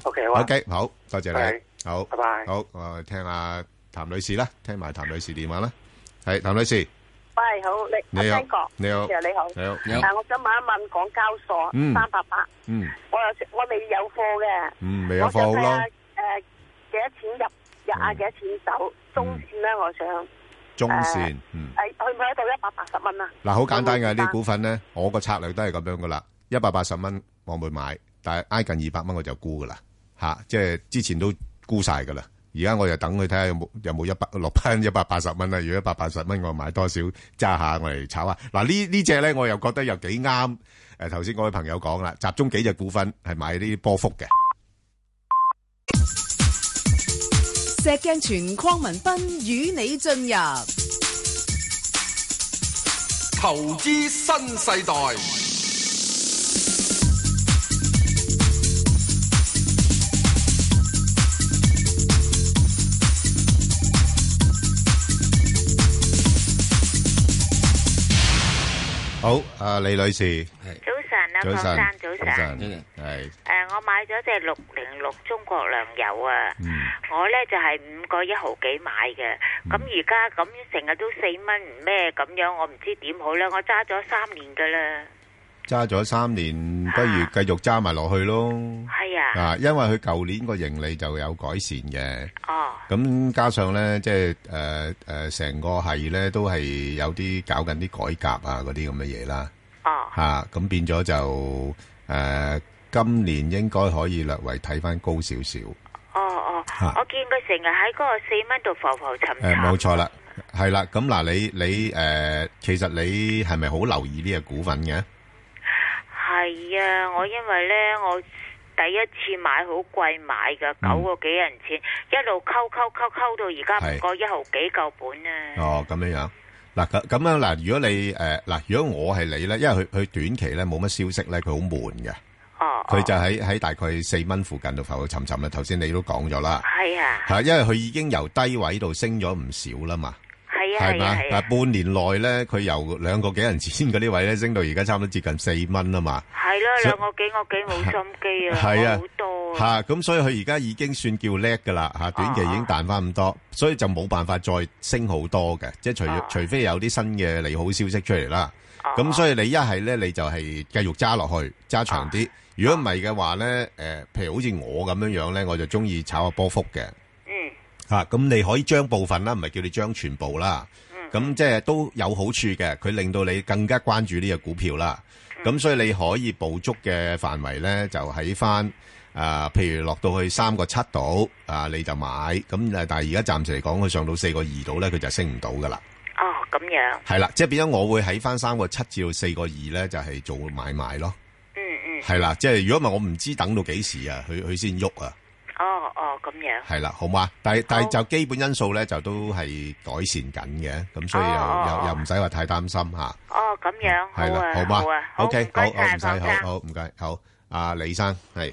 ？OK，好。OK，好多謝你。好，拜拜。好，我聽下譚女士啦，聽埋譚女士電話啦。係譚女士，喂，好，你你好，你好，你好，你好。我想問一問港交所三八八，嗯，我我未有貨嘅，嗯，未有貨好啦。我想睇下誒幾多錢入。入嗌幾多錢走中線咧？我想、啊、中線，誒、嗯，去唔去得到一百八十蚊啊？嗱，好簡單嘅，呢啲股份咧，我個策略都係咁樣噶啦。一百八十蚊我會買，但係挨近二百蚊我就沽噶啦，吓、啊，即、就、係、是、之前都沽晒噶啦。而家我就等佢睇下有冇有冇一百六一百八十蚊啦。如果一百八十蚊我買多少揸下我嚟炒下。嗱、啊，這這呢呢隻咧我又覺得又幾啱。誒、啊，頭先我嘅朋友講啦，集中幾隻股份係買啲波幅嘅。石鏡泉鄺文斌與你進入投資新世代。好，阿李女士，係。早晨，早晨，係。誒，我買咗隻六零六中國糧油啊，我咧就係五個一毫幾買嘅，咁而家咁成日都四蚊唔咩咁樣，我唔知點好咧。我揸咗三年噶啦，揸咗三年，不如繼續揸埋落去咯。係啊，啊，因為佢舊年個盈利就有改善嘅。哦，咁加上咧，即係誒誒，成個係咧都係有啲搞緊啲改革啊，嗰啲咁嘅嘢啦。哦，吓，咁變咗就誒，今年應該可以略為睇翻高少少。哦哦，我見佢成日喺嗰個四蚊度浮浮沉沉。誒，冇錯啦，係啦，咁嗱，你你誒，其實你係咪好留意呢個股份嘅？係啊，我因為咧，我第一次買好貴買噶，九個幾銀錢，一路溝溝溝溝到而家唔過一毫幾夠本啊！哦，咁樣樣。嗱咁咁樣嗱，如果你誒嗱、呃，如果我係你咧，因為佢佢短期咧冇乜消息咧，佢好悶嘅，佢、oh, oh. 就喺喺大概四蚊附近度浮浮沉沉啦。頭先你都講咗啦，係啊，因為佢已經由低位度升咗唔少啦嘛。係嘛？嗱、啊啊啊嗯，半年內咧，佢由兩個幾人錢嗰啲位咧，升到而家差唔多接近四蚊啊嘛。係啦兩個幾我幾冇心機啊，好多。係咁，所以佢而家已經算叫叻噶啦，吓短期已經彈翻咁多，所以就冇、啊、辦法再升好多嘅，即係除除非有啲新嘅利好消息出嚟啦。咁、啊啊、所以你一係咧，你就係繼續揸落去，揸長啲。如果唔係嘅話咧，誒，譬如好似我咁樣樣咧，我就中意炒下波幅嘅。啊，咁你可以將部分啦，唔係叫你將全部啦。咁、嗯、即係都有好處嘅，佢令到你更加關注呢個股票啦。咁、嗯、所以你可以捕捉嘅範圍咧，就喺翻啊，譬如落到去三個七度啊，你就買。咁但係而家暫時嚟講，佢上到四個二度咧，佢就升唔到噶啦。哦，咁樣。係啦，即係變咗，我會喺翻三個七至到四個二咧，就係、是、做買賣咯。嗯嗯。係、嗯、啦，即係如果唔係，我唔知等到幾時啊，佢佢先喐啊。哦哦，咁樣係啦，好嘛？但係但係就基本因素咧，就都係改善緊嘅，咁所以又又又唔使話太擔心吓。哦，咁樣係啦，好嘛？好啊，好，唔該晒，鄺生，好唔該，好啊，李生係。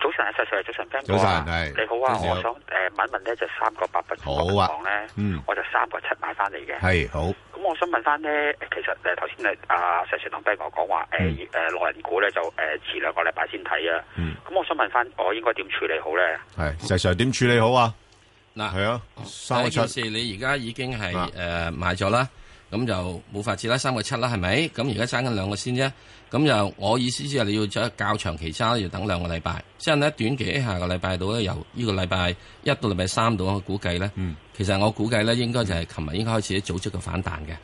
早晨啊，石 Sir，早晨 Ben 哥，早晨，你好啊，我想誒問問咧，就三個八百，好啊，嗯，我就三個七買翻嚟嘅，係好。咁我想問翻咧，其實誒頭先誒阿石 Sir 同 Ben 哥講話誒誒內銀股咧，就誒遲兩個禮拜先睇啊。咁我想問翻，我應該點處理好咧？係石 Sir 點處理好啊？嗱，係啊，三個七，你而家已經係誒買咗啦，咁就冇法子啦，三個七啦，係咪？咁而家爭緊兩個先啫。咁又我意思即係你要即係較長期揸，要等兩個禮拜。即係咧短期下個禮拜到咧由呢個禮拜一到禮拜三度，我估計咧，嗯、其實我估計咧應該就係琴日應該開始啲組織嘅反彈嘅。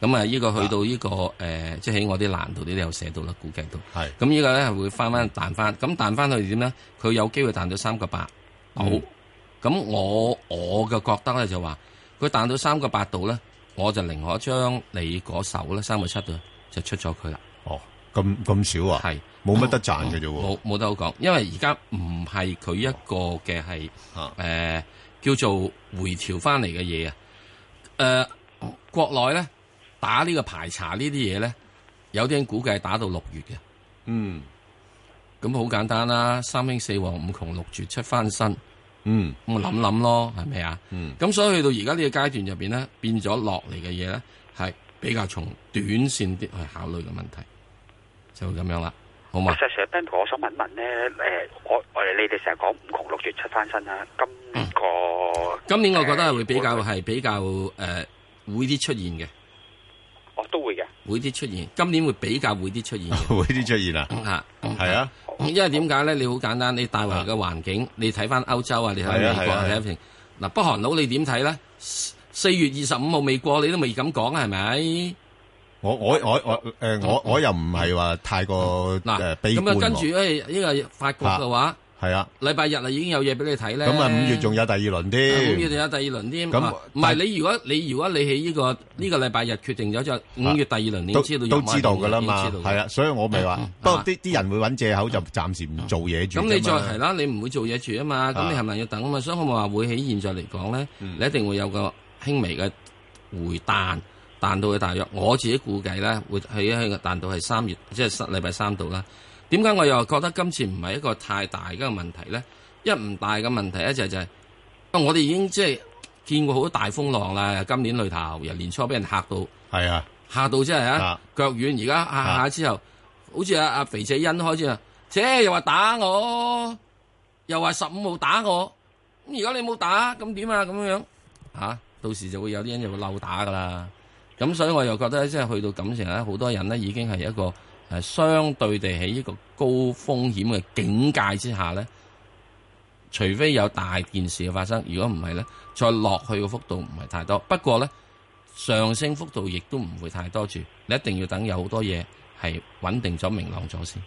咁啊是，呢個去到呢、呢個誒、啊呃，即係喺我啲欄度啲有寫到啦，估計到。咁是呢個咧係會翻翻彈翻，咁彈翻去點咧？佢有機會彈到三個八好，咁、嗯、我我嘅覺得咧就話，佢彈到三個八度咧，我就寧可將你嗰手咧三個七度就出咗佢啦。哦。咁咁少啊，係冇乜得賺嘅啫，冇冇、哦哦、得好講，因為而家唔係佢一個嘅係誒叫做回調翻嚟嘅嘢啊。誒、呃，國內咧打呢個排查呢啲嘢咧，有啲人估計係打到六月嘅。嗯，咁好、嗯、簡單啦、啊，三星、四旺、五窮、六絕、七翻身。嗯，咁我諗諗咯，係咪、嗯、啊？嗯，咁所以去到而家呢個階段入邊咧，變咗落嚟嘅嘢咧，係比較從短線啲去考慮嘅問題。就咁樣啦，好嘛？其實我想問問咧，誒，我我哋你哋成日講五窮六絕七翻身啦，今個今年我覺得會比較係比較會啲出現嘅。哦，都會嘅，會啲出現。今年會比較會啲出現，會啲出現啦啊，係啊，因為點解咧？你好簡單，你大環嘅環境，你睇翻歐洲啊，你睇美國啊，睇一嗱北韓佬，你點睇咧？四月二十五號未過，你都未咁講，係咪？我我我我誒我我又唔係話太過嗱誒悲觀咯。咁啊，跟住誒呢個法國嘅話係啊，禮拜日啊已經有嘢俾你睇咧。咁啊，五月仲有第二輪添。五月仲有第二輪添。咁唔係你如果你如果你喺呢個呢個禮拜日決定咗就五月第二輪你都知道都知道㗎啦嘛。係啊，所以我咪話，不過啲啲人會搵借口就暫時唔做嘢住。咁你再係啦，你唔會做嘢住啊嘛。咁你係咪要等啊嘛？所以我咪話會喺現在嚟講咧，你一定會有個輕微嘅回彈。彈到嘅大約，我自己估計咧會喺喺彈到係三月，即係禮拜三度啦。點解我又覺得今次唔係一個太大嘅問題咧？一唔大嘅問題一就就係、係，我哋已經即係見過好多大風浪啦。今年裏頭由年初俾人嚇到，係啊嚇到即係啊，啊腳軟，而家嚇下之後，啊、好似阿阿肥仔欣開始啊，切又話打我，又話十五號打我，咁而家你冇打，咁點啊？咁樣樣嚇到時就會有啲人就會嬲打噶啦。咁所以我又覺得即係去到感情咧，好多人咧已經係一個、啊、相對地喺一個高風險嘅境界之下咧，除非有大件事嘅發生，如果唔係咧，再落去嘅幅度唔係太多。不過咧，上升幅度亦都唔會太多住。你一定要等有好多嘢係穩定咗、明朗咗先。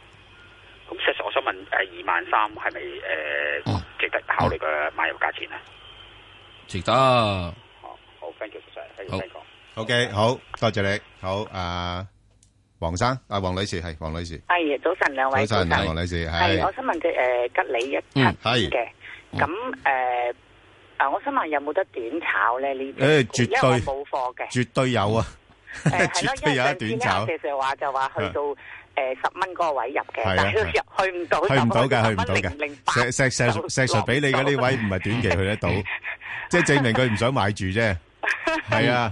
咁其實我想問二萬三係咪誒值得考慮嘅買入價錢啊？好值得。好，thank you, 好，thank you OK，好多謝你，好啊，黃生啊，黃女士係黃女士，係早晨兩位早晨啊，黃女士係，我想問佢誒，吉利一格嘅，咁誒啊，我想問有冇得短炒咧呢？誒，絕對冇貨嘅，絕對有啊，係啦，因為點解你成日話就話去到誒十蚊嗰個位入嘅，但係入去唔到，去唔到嘅，去唔到嘅，零零八六石石石石石俾你嘅呢位，唔係短期去得到，即係證明佢唔想買住啫，係啊。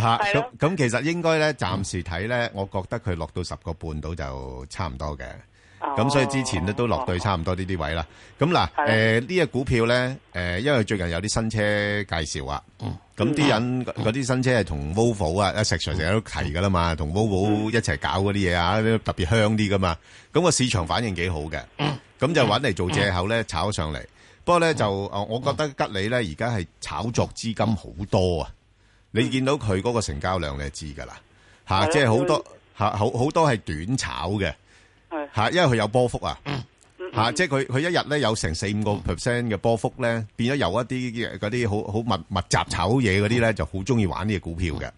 吓咁咁，其實應該咧，暫時睇咧，嗯、我覺得佢落到十個半度就差唔多嘅。咁、哦、所以之前咧都落對差唔多呢啲位啦。咁嗱、哦，誒呢隻股票咧，誒、呃、因為最近有啲新車介紹啊，咁啲人嗰啲新車係同 Volvo 啊，阿石 Sir 成日都提噶啦嘛，同 Volvo 一齊搞嗰啲嘢啊，特別香啲噶嘛。咁、咁個市場反應幾好嘅，咁、嗯、就搵嚟做借口咧炒咗上嚟。不過咧就、嗯、我覺得吉利咧而家係炒作資金好多啊。你見到佢嗰個成交量，你就知噶啦，即係好多好好多係短炒嘅，因為佢有波幅啊，即係佢佢一日咧有成四五個 percent 嘅波幅咧，變咗有一啲嗰啲好好密密集炒嘢嗰啲咧，就好中意玩呢個股票嘅。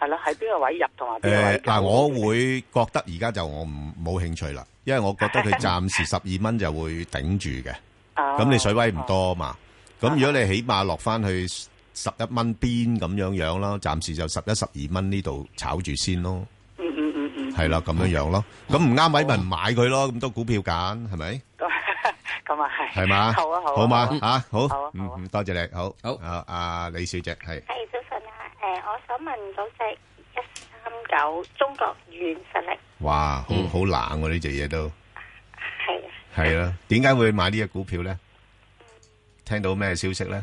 係啦，喺邊個位入同埋邊個位，嗱，我會覺得而家就我唔冇興趣啦，因為我覺得佢暫時十二蚊就會頂住嘅。咁你水位唔多啊嘛，咁如果你起碼落翻去。十一蚊邊咁樣樣啦，暫時就十一十二蚊呢度炒住先咯。嗯嗯嗯嗯，係啦咁樣樣咯。咁唔啱位咪唔買佢咯。咁多股票揀係咪？咁啊係，係嘛？好啊好。好嘛吓，好。嗯嗯，多謝你。好。好。阿阿李小姐係。係早晨啊，誒，我想問嗰隻一三九中國遠實力。哇，好好冷喎呢隻嘢都。係啊。係啦，點解會買呢隻股票咧？聽到咩消息咧？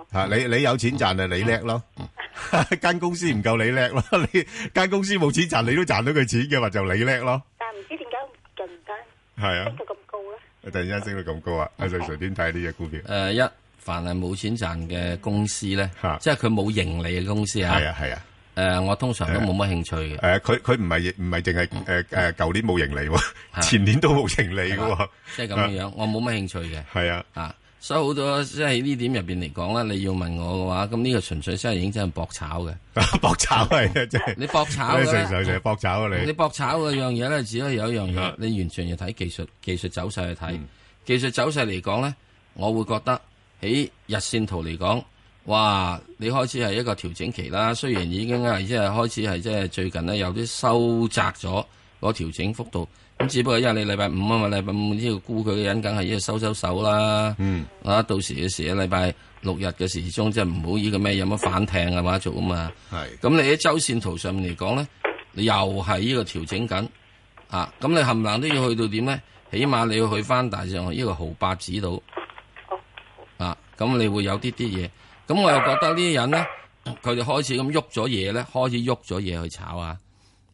啊！你你有錢賺就你叻咯，間 公司唔夠你叻咯， 你間公司冇錢賺你都賺到佢錢嘅話就你叻咯。但係唔知點解就唔解，升到咁高咧？你突然間升到咁高啊？我就隨便睇呢隻股票。誒、嗯，一、呃、凡係冇錢賺嘅公司咧，啊、即係佢冇盈利嘅公司啊。係啊係啊。誒、啊，我通常都冇乜興趣嘅。誒、啊，佢佢唔係唔係淨係誒誒，舊、呃、年冇盈利喎， 前年都冇盈利嘅。啊啊、即係咁樣，啊、我冇乜興趣嘅。係啊啊！啊所以好多即係呢點入面嚟講咧，你要問我嘅話，咁呢個純粹真係已經薄 薄真係搏炒嘅，搏 炒嚟嘅，即係你搏炒嘅，搏炒啊！你你搏炒嗰樣嘢咧，只可以有一樣嘢，你完全要睇技術、技術走勢去睇。嗯、技術走勢嚟講咧，我會覺得喺日線圖嚟講，哇！你開始係一個調整期啦，雖然已經係即係開始係即係最近咧有啲收窄咗，個調整幅度。咁只不過因為你禮拜五啊嘛，禮拜五呢個沽佢嘅人，梗係呢度收收手啦。嗯，啊，到時嘅時啊，禮拜六日嘅時鐘即係唔好以個咩有乜反艇啊嘛做啊嘛。係是，咁你喺周線圖上面嚟講咧，你又係呢個調整緊啊。咁你冚唪唥都要去到點咧？起碼你要去翻大上呢、這個毫八子度。啊，咁你會有啲啲嘢。咁我又覺得呢啲人咧，佢哋開始咁喐咗嘢咧，開始喐咗嘢去炒啊，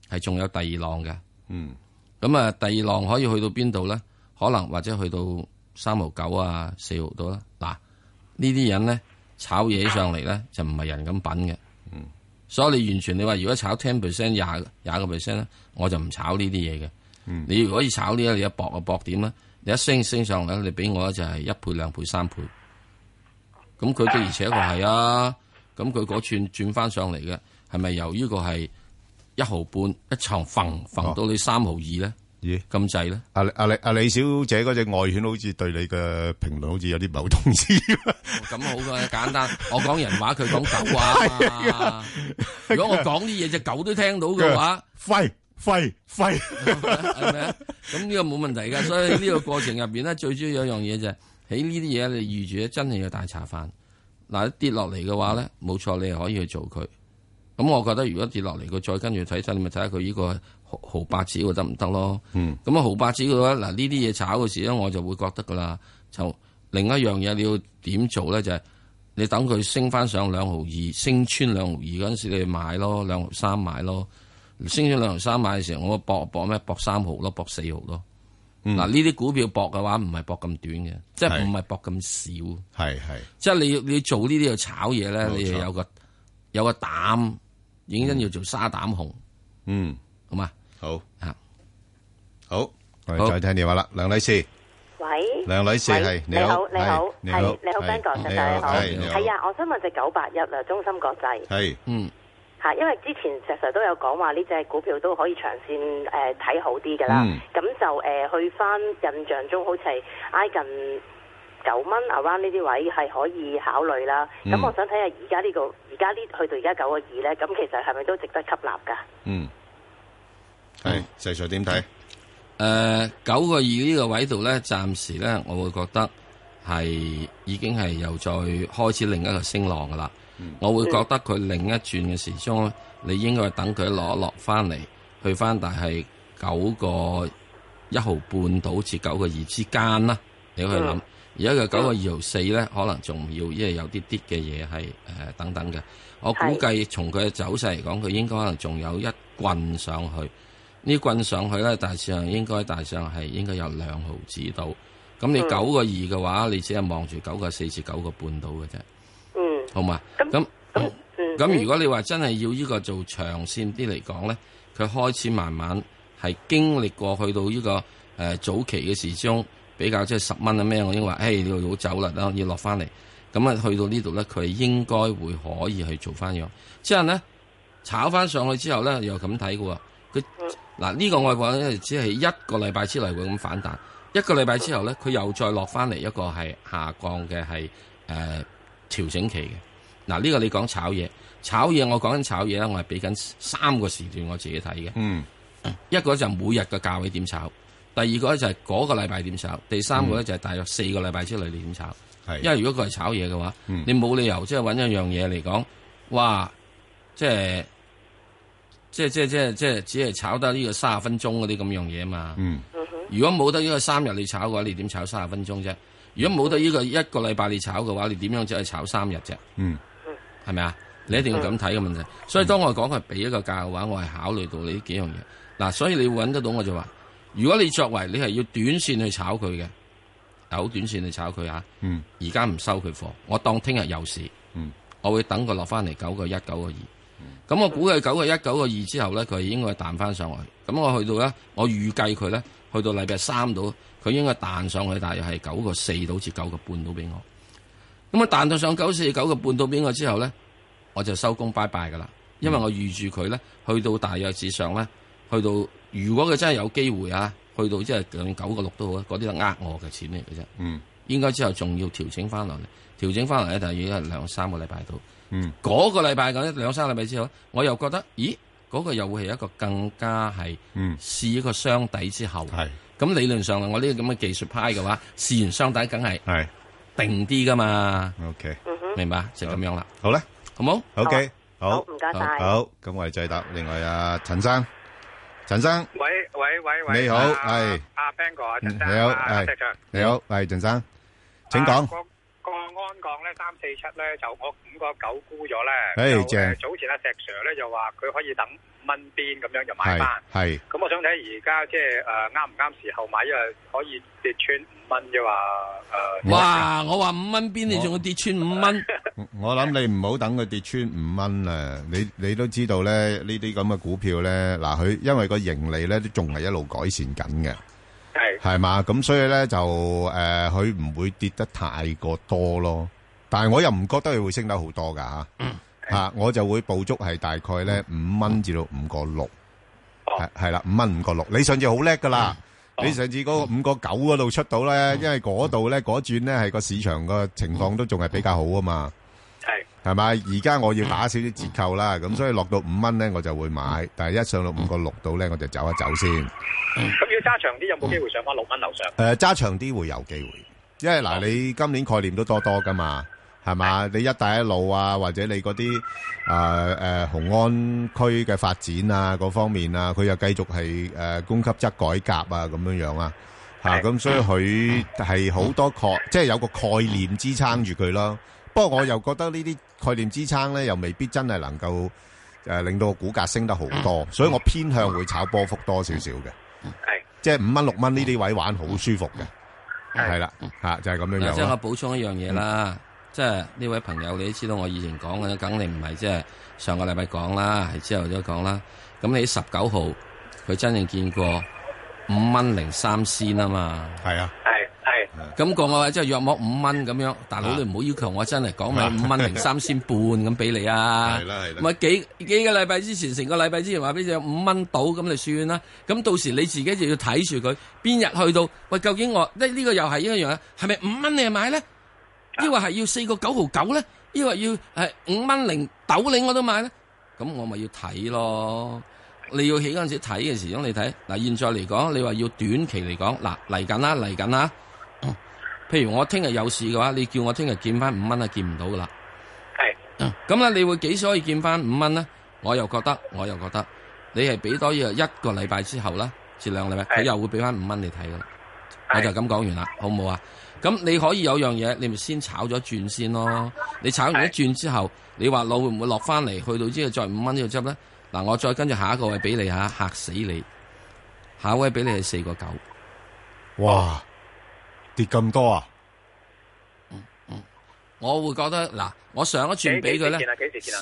係仲有第二浪嘅。嗯。咁啊，第二浪可以去到邊度咧？可能或者去到三毫九啊，四毫度啦。嗱，呢啲人咧炒嘢上嚟咧就唔係人咁品嘅。嗯。所以你完全你話，如果炒 ten percent 廿廿個 percent 咧，我就唔炒呢啲嘢嘅。嗯。你如果以炒你一薄一薄一薄呢一嘢，博啊博點咧？你一升一升上嚟，你俾我咧就係一倍、兩倍、三倍。咁佢嘅而且確係啊，咁佢嗰串轉翻上嚟嘅，係咪由於個係？一毫半一床，縫縫到你三毫二咧，咦、哦？咁滯咧。阿阿阿李小姐嗰隻外犬好似對你嘅評論好似有啲唔係好同意。咁好嘅，簡單。我講人話，佢講狗話。如果我講啲嘢隻狗都聽到嘅話，揮揮揮，係咪咁，呢個冇問題嘅。所以呢個過程入邊咧，最主要有樣嘢就喺呢啲嘢你預住咧，真係要大茶飯。嗱，跌落嚟嘅話咧，冇錯你又可以去做佢。.咁、嗯、我覺得，如果跌落嚟佢再跟住睇睇，你咪睇下佢呢個毫八子得唔得咯？嗯。咁啊毫八子嘅話，嗱呢啲嘢炒嘅時咧，我就會覺得噶啦。就另一樣嘢你要點做咧？就係、是、你等佢升翻上兩毫二，升穿兩毫二嗰陣時，你買咯，兩毫三買咯。升穿兩毫三買嘅時候，我搏搏咩？搏三毫咯，搏四毫咯。嗱呢啲股票搏嘅話，唔係搏咁短嘅，是即係唔係搏咁少。即係你你做呢啲嘢炒嘢咧，你又有個錯有個膽。已經要做沙膽紅，嗯，好嘛，好啊，好，我哋再聽電話啦，梁女士，喂，梁女士，你好，你好，你好，你好，你好，大家好，係啊，我想問隻九八一啦，中芯國際，係，嗯，吓，因為之前石 Sir 都有講話呢隻股票都可以長線誒睇好啲噶啦，咁就誒去返印象中好似係挨近。九蚊 around 呢啲位係可以考慮啦，咁、嗯、我想睇下而家呢個而家呢去到而家九個二咧，咁其實係咪都值得吸納噶？嗯，係，世祥點睇？九個二呢個位度咧，暫時咧，我會覺得係已經係又再開始另一個升浪噶啦。嗯、我會覺得佢另一轉嘅時鐘，你應該等佢落一落翻嚟，去翻，但係九個一毫半到至九個二之間啦。你去諗，而家佢九個二毫四咧，24, 嗯、可能仲要，因為有啲啲嘅嘢係誒等等嘅。我估計從佢嘅走勢嚟講，佢應該可能仲有一棍上去。呢棍上去咧，大上應該大上係應該有兩毫紙到。咁你九個二嘅話，嗯、你只係望住九個四至九個半到嘅啫。嗯，好嘛？咁咁如果你話真係要呢個做長線啲嚟講咧，佢開始慢慢係經歷過去到呢、呢個、呃、早期嘅時鐘。比較即係十蚊啊咩？我已經話誒，你好走啦，要落翻嚟。咁啊，去到呢度咧，佢應該會可以去做翻嘢。之後咧，炒翻上去之後咧，又咁睇嘅喎。佢嗱呢個外國咧，只係一個禮拜之內會咁反彈。一個禮拜之後咧，佢又再落翻嚟一個係下降嘅係誒調整期嘅。嗱呢個你講炒嘢，炒嘢我講緊炒嘢咧，我係俾緊三個時段我自己睇嘅。嗯，一個就每日嘅價位點炒。第二個咧就係嗰個禮拜點炒，第三個咧就係大約四個禮拜之內你點炒？係的因為如果佢係炒嘢嘅話，嗯、你冇理由即係揾一樣嘢嚟講，哇！即係即係即係即係只係炒得呢個三十分鐘嗰啲咁樣嘢嘛？嗯、如果冇得呢個三日你炒嘅話，你點炒三十分鐘啫？如果冇得呢個一個禮拜你炒嘅話，你點樣只係炒三日啫？嗯，係咪啊？你一定要咁睇嘅問題。嗯、所以當我講佢俾一個價嘅話，我係考慮到你呢幾樣嘢嗱、啊。所以你揾得到我就話。如果你作為你係要短線去炒佢嘅，有短線去炒佢啊。而家唔收佢貨，我當聽日有事，我會等佢落翻嚟九個一、九個二。咁我估計九個一、九個二之後咧，佢應該彈翻上去。咁我去到咧，我預計佢咧，去到禮拜三到，佢應該彈上去，去去上去大約係九個四到，至九個半到俾我。咁啊，彈到上九四九個半到俾我之後咧，我就收工拜拜噶啦，因為我預住佢咧，去到大約至上咧，去到。如果佢真係有機會啊，去到即係九個六都好啊，嗰啲就呃我嘅錢嚟嘅啫。嗯，應該之後仲要調整翻落嚟，調整翻嚟咧，大約兩三個禮拜到。嗯，嗰個禮拜咁，一兩三個禮拜之後咧，我又覺得，咦，嗰個又會係一個更加係嗯試一個雙底之後。係咁理論上，我呢個咁嘅技術派嘅話，試完雙底，梗係定啲噶嘛。O K，明白就咁樣啦。好啦，好冇？O K，好唔該晒。好，咁我哋再答。另外啊陳生。陳生，喂喂喂喂，你好，係阿 Ben 哥，陳生，你好，石祥，你好，係陳生，請講。個安鋼咧三四七咧就我五個九沽咗咧，誒正早前阿石 Sir 咧就話佢可以等五蚊邊咁樣就買翻，係咁我想睇而家即係誒啱唔啱時候買，因為可以跌穿五蚊啫話誒。哇、呃我！我話五蚊邊你仲要跌穿五蚊我？ 我諗你唔好等佢跌穿五蚊啊！你你都知道咧，呢啲咁嘅股票咧，嗱佢因為個盈利咧都仲係一路改善緊嘅。係，係嘛，咁所以咧就誒，佢、呃、唔會跌得太過多咯。但係我又唔覺得佢會升得好多噶吓，吓、嗯啊、我就會捕捉係大概咧五蚊至到五個六，係係啦，五蚊五個六。5 5. 6, 你上次好叻噶啦，嗯哦、你上次嗰個五個九嗰度出到咧，因為嗰度咧嗰轉咧係個市場個情況都仲係比較好啊嘛。係咪？而家我要打少啲折扣啦，咁所以落到五蚊咧，我就會買。但係一上到五個六度咧，我就走一走先。咁要揸長啲有冇機會上翻六蚊樓上？誒、嗯，揸長啲會有機會，因為嗱，嗯、你今年概念都多多噶嘛，係嘛？你一帶一路啊，或者你嗰啲啊誒雄安區嘅發展啊嗰方面啊，佢又繼續係誒、呃、供給側改革啊咁樣樣啊嚇，咁、嗯啊、所以佢係好多概，即、就、係、是、有個概念支撐住佢咯。不過我又覺得呢啲概念支撐咧，又未必真係能夠誒、呃、令到個股價升得好多，所以我偏向會炒波幅多少少嘅，係、嗯、即係五蚊六蚊呢啲位玩好舒服嘅，係啦吓就係咁樣樣。嗯、即係我補充一樣嘢啦，嗯、即係呢位朋友你都知道，我以前講嘅梗你唔係，即係上個禮拜講啦，係之後都講啦。咁你十九號佢真正見過五蚊零三仙啊嘛，係啊。咁我話即係入屋五蚊咁樣，大佬你唔好要，要求我真係講明五蚊零三仙半咁俾你啊。係啦係啦，咪幾幾個禮拜之前，成個禮拜之前話俾你五蚊到咁就算啦。咁到時你自己就要睇住佢邊日去到喂，究竟我即呢、這個又係一樣咧，係咪五蚊你買呢？抑或係要四個九毫九呢？抑或要誒五蚊零斗領我都買呢？咁我咪要睇咯。你要起嗰陣時睇嘅時鐘你睇嗱，現在嚟講你話要短期嚟講嗱嚟緊啦嚟緊啦。啊。譬如我聽日有事嘅話，你叫我聽日見翻五蚊啊，見唔到噶啦。係、嗯。咁啦，你會幾時可以見翻五蚊呢？我又覺得，我又覺得，你係俾多一個禮拜之後啦，前兩禮拜佢又會俾翻五蚊你睇噶啦。是我就咁講完啦，好唔好啊？咁你可以有樣嘢，你咪先炒咗一轉先咯。你炒完一轉之後，是你話我會唔會落翻嚟？去到之後再五蚊呢個執呢？嗱，我再跟住下一個位俾你吓，嚇死你！下一位俾你係四個九，哇！跌咁多啊！嗯嗯，我會覺得嗱，我上一轉俾佢咧，你、啊啊、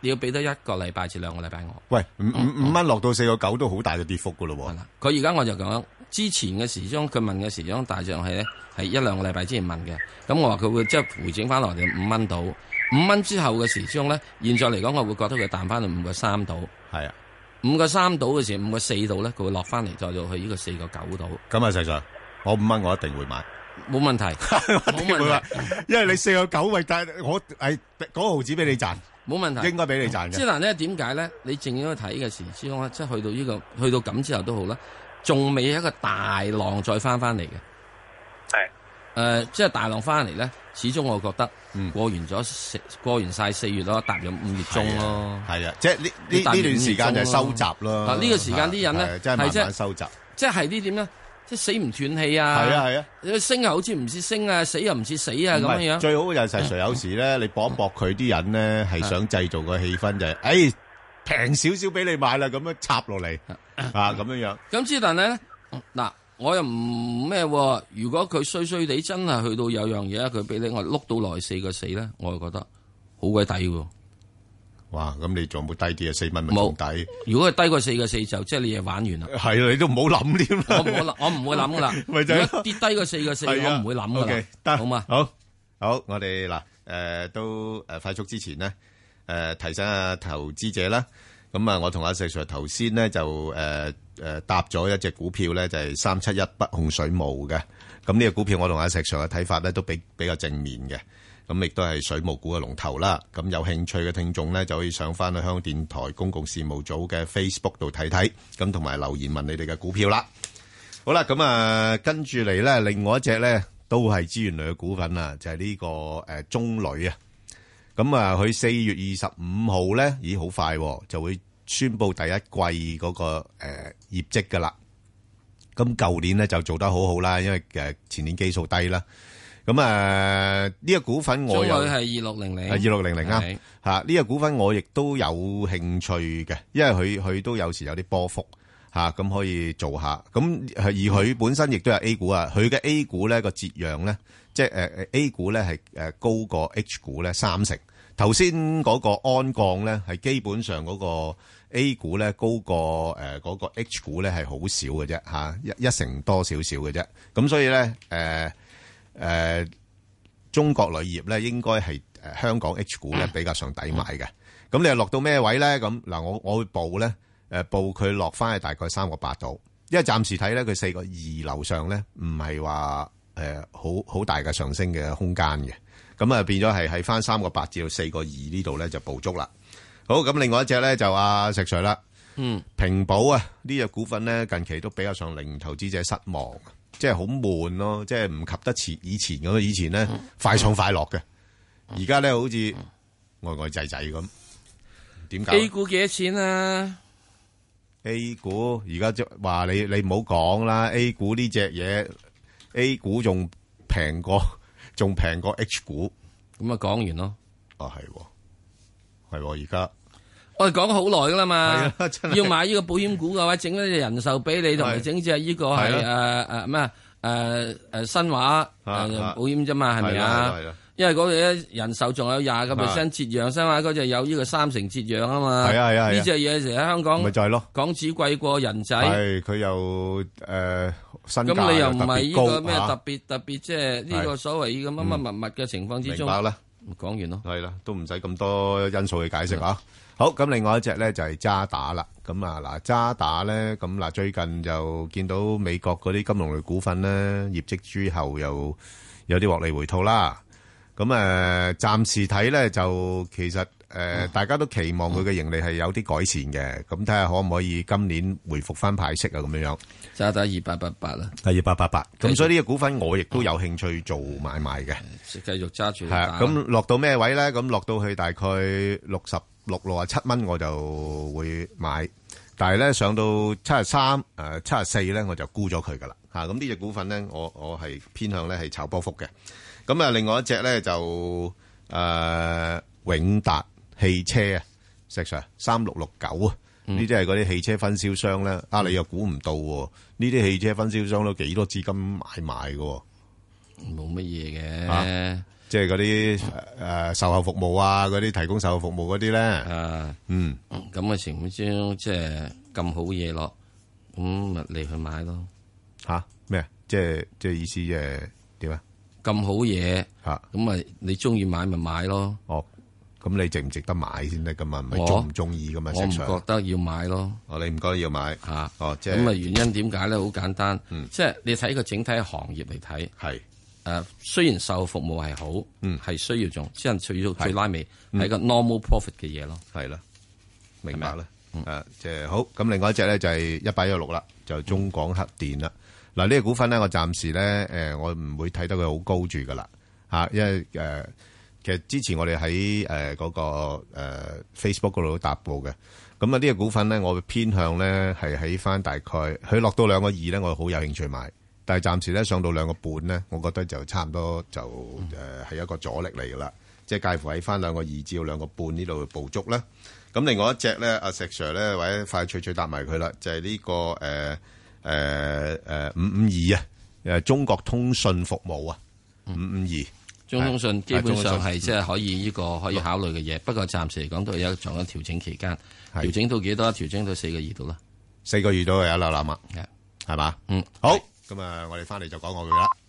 要俾多一個禮拜至兩個禮拜我。喂，五、嗯、五五蚊落到四個九都好大嘅跌幅噶咯喎。佢而家我就講之前嘅時鐘，佢問嘅時鐘大致上係咧係一兩個禮拜之前問嘅。咁我話佢會即係回整翻落嚟五蚊到，五蚊之後嘅時鐘咧，現在嚟講我會覺得佢彈翻去五個三到。係啊的，五個三到嘅時，五個四度咧，佢會落翻嚟再到去呢個四個九度。咁啊 s 上我五蚊我一定會買，冇問題，冇問題，因為你四個九位價，我誒嗰毫子俾你賺，冇問題，應該俾你賺嘅。之但咧，點解咧？你正因為睇嘅時，始終即係去到呢個，去到咁之後都好啦，仲未一個大浪再翻翻嚟嘅。係誒，即係大浪翻嚟咧，始終我覺得，嗯，過完咗過完晒四月咯，踏入五月中咯，係啊，即係呢呢段時間就收集咯。嗱，呢個時間啲人咧，即係慢慢收集，即係呢點咧。即死唔斷氣啊！係啊係啊，升啊好似唔似升啊，死又唔似死啊咁樣。最好嘅就係誰有時咧，你搏一搏佢啲人咧，係想製造個氣氛就係，誒平少少俾你買啦，咁樣插落嚟啊咁樣樣。咁之但咧嗱，我又唔咩喎？如果佢衰衰地真係去到有樣嘢，佢俾你我碌到來四個死咧，我又覺得好鬼抵喎。哇，咁你仲冇低啲啊？四蚊冇底。仲如果係低過四個四就即、是、係你嘢玩完啦。係啊，你都唔好諗添。我唔好諗嗎，我唔會諗噶啦。如跌低過四個四，我唔會諗啦。得，好嘛，好好，我哋嗱誒都誒快速之前呢，誒、呃、提醒下投資者啦。咁、呃、啊，我同阿石 Sir 頭先呢，就誒誒搭咗一隻股票咧就係三七一北控水務嘅。咁呢個股票我同阿石 Sir 嘅睇法咧都比比較正面嘅。咁亦都係水務股嘅龍頭啦。咁有興趣嘅聽眾咧，就可以上翻去香港電台公共事務組嘅 Facebook 度睇睇。咁同埋留言問你哋嘅股票啦。好啦，咁啊，跟住嚟咧，另外一隻咧都係資源類嘅股份啊，就係呢個誒中鋁啊。咁啊，佢四月二十五號咧，咦，好快就會宣布第一季嗰個誒業績噶啦。咁舊年咧就做得好好啦，因為誒前年基數低啦。咁啊，呢個股份我又係二六零零，二六零零啊！吓，呢個股份我亦都有興趣嘅，因為佢佢都有時有啲波幅吓，咁可以做下。咁而佢本身亦都有 A 股啊，佢嘅 A 股咧個折讓咧，即係誒誒 A 股咧係誒高過 H 股咧三成。頭先嗰個安降咧係基本上嗰個 A 股咧高過誒嗰個 H 股咧係好少嘅啫吓，一一成多少少嘅啫。咁所以咧誒。誒、呃，中國鋁業咧，應該係誒香港 H 股咧比較上抵買嘅。咁、嗯、你又落到咩位咧？咁嗱，我我會報咧，誒，報佢落翻去大概三個八度，因為暫時睇咧，佢四個二樓上咧，唔係話誒好好大嘅上升嘅空間嘅。咁啊，變咗係喺翻三個八至到四個二呢度咧就捕捉啦。好，咁另外一隻咧就阿石水啦，Sir 嗯，平保啊呢隻、這個、股份咧近期都比較上令投資者失望。即係好悶咯，即係唔及得前以前咁以前咧、嗯、快上快落嘅，而家咧好似呆呆滯滯咁。點解、啊、A 股幾多錢啊？A 股而家即係話你你唔好講啦，A 股呢隻嘢 A 股仲平過仲平過 H 股，咁啊講完咯。啊係、哦，係而家。我哋講好耐噶啦嘛，要買呢個保險股嘅話，整咗隻人壽俾你，同埋整隻呢個係誒誒咩誒誒新華保險啫嘛，係咪啊？因為嗰隻人壽仲有廿個 percent 折讓，新華嗰隻有呢個三成折讓啊嘛。係啊係啊，呢隻嘢成日喺香港，咪就係咯。港紙貴過人仔。係佢又誒身。咁你又唔係呢個咩特別特別即係呢個所謂呢個乜乜物物嘅情況之中。明白啦，講完咯。係啦，都唔使咁多因素去解釋吓。好咁，另外一隻咧就係、是、渣打啦。咁啊嗱，渣打咧咁嗱，最近就見到美國嗰啲金融類股份咧業績之後又，又有啲獲利回吐啦。咁啊，暫時睇咧就其實。誒，大家都期望佢嘅盈利係有啲改善嘅，咁睇下可唔可以今年回復翻派息啊？咁樣樣渣打二八八八啦，二八八八。咁所以呢隻股份我亦都有興趣做買賣嘅，繼續揸住係啊。咁落到咩位咧？咁落到去大概六十六六啊七蚊，我就會買。但係咧上到七啊三誒七啊四咧，我就沽咗佢噶啦吓。咁呢隻股份咧，我我係偏向咧係炒波幅嘅。咁啊，另外一隻咧就誒永達。汽車啊，石 Sir，三六六九啊，呢啲係嗰啲汽車分銷商咧，嗯、啊，你又估唔到喎？呢啲汽車分銷商都幾多資金買賣噶？冇乜嘢嘅，即係嗰啲誒售後服務啊，嗰啲提供售後服務嗰啲咧，啊、嗯，咁嘅情況即係咁好嘢落，咁咪、啊、你去買咯。吓咩、哦？即係即係意思即係點啊？咁好嘢吓，咁咪你中意買咪買咯。咁你值唔值得買先得噶嘛？唔係中唔中意噶嘛？我唔覺得要買咯。哦，你唔覺得要買吓。哦，即係咁啊！原因點解咧？好簡單，即係你睇個整體行業嚟睇，係誒，雖然售後服務係好，嗯，係需要做，即係做到最拉尾，係個 normal profit 嘅嘢咯，係啦，明白啦誒，即係好。咁另外一隻咧就係一八一六啦，就中廣核電啦。嗱，呢個股份咧，我暫時咧，誒，我唔會睇得佢好高住噶啦，吓，因為誒。其實之前我哋喺誒個誒、呃、Facebook 嗰度都答過嘅，咁啊呢隻股份咧，我嘅偏向咧係喺翻大概佢落到兩個二咧，我好有興趣買。但係暫時咧上到兩個半咧，我覺得就差唔多就誒係、呃、一個阻力嚟噶啦，即係介乎喺翻兩個二至到兩個半呢度去捕捉啦。咁另外一隻咧，阿、啊、石 Sir 咧或者快脆脆答埋佢啦，就係、是、呢、這個誒誒誒五五二啊，誒中國通訊服務啊，嗯、五五二。中通信基本上係即係可以呢個可以考慮嘅嘢，不過暫時嚟講都係有一場緊調整期間，調整到幾多？調整到四個二度啦，四個二度又有落樓嘛，係嘛？嗯，好，咁啊是，我哋翻嚟就講我佢啦。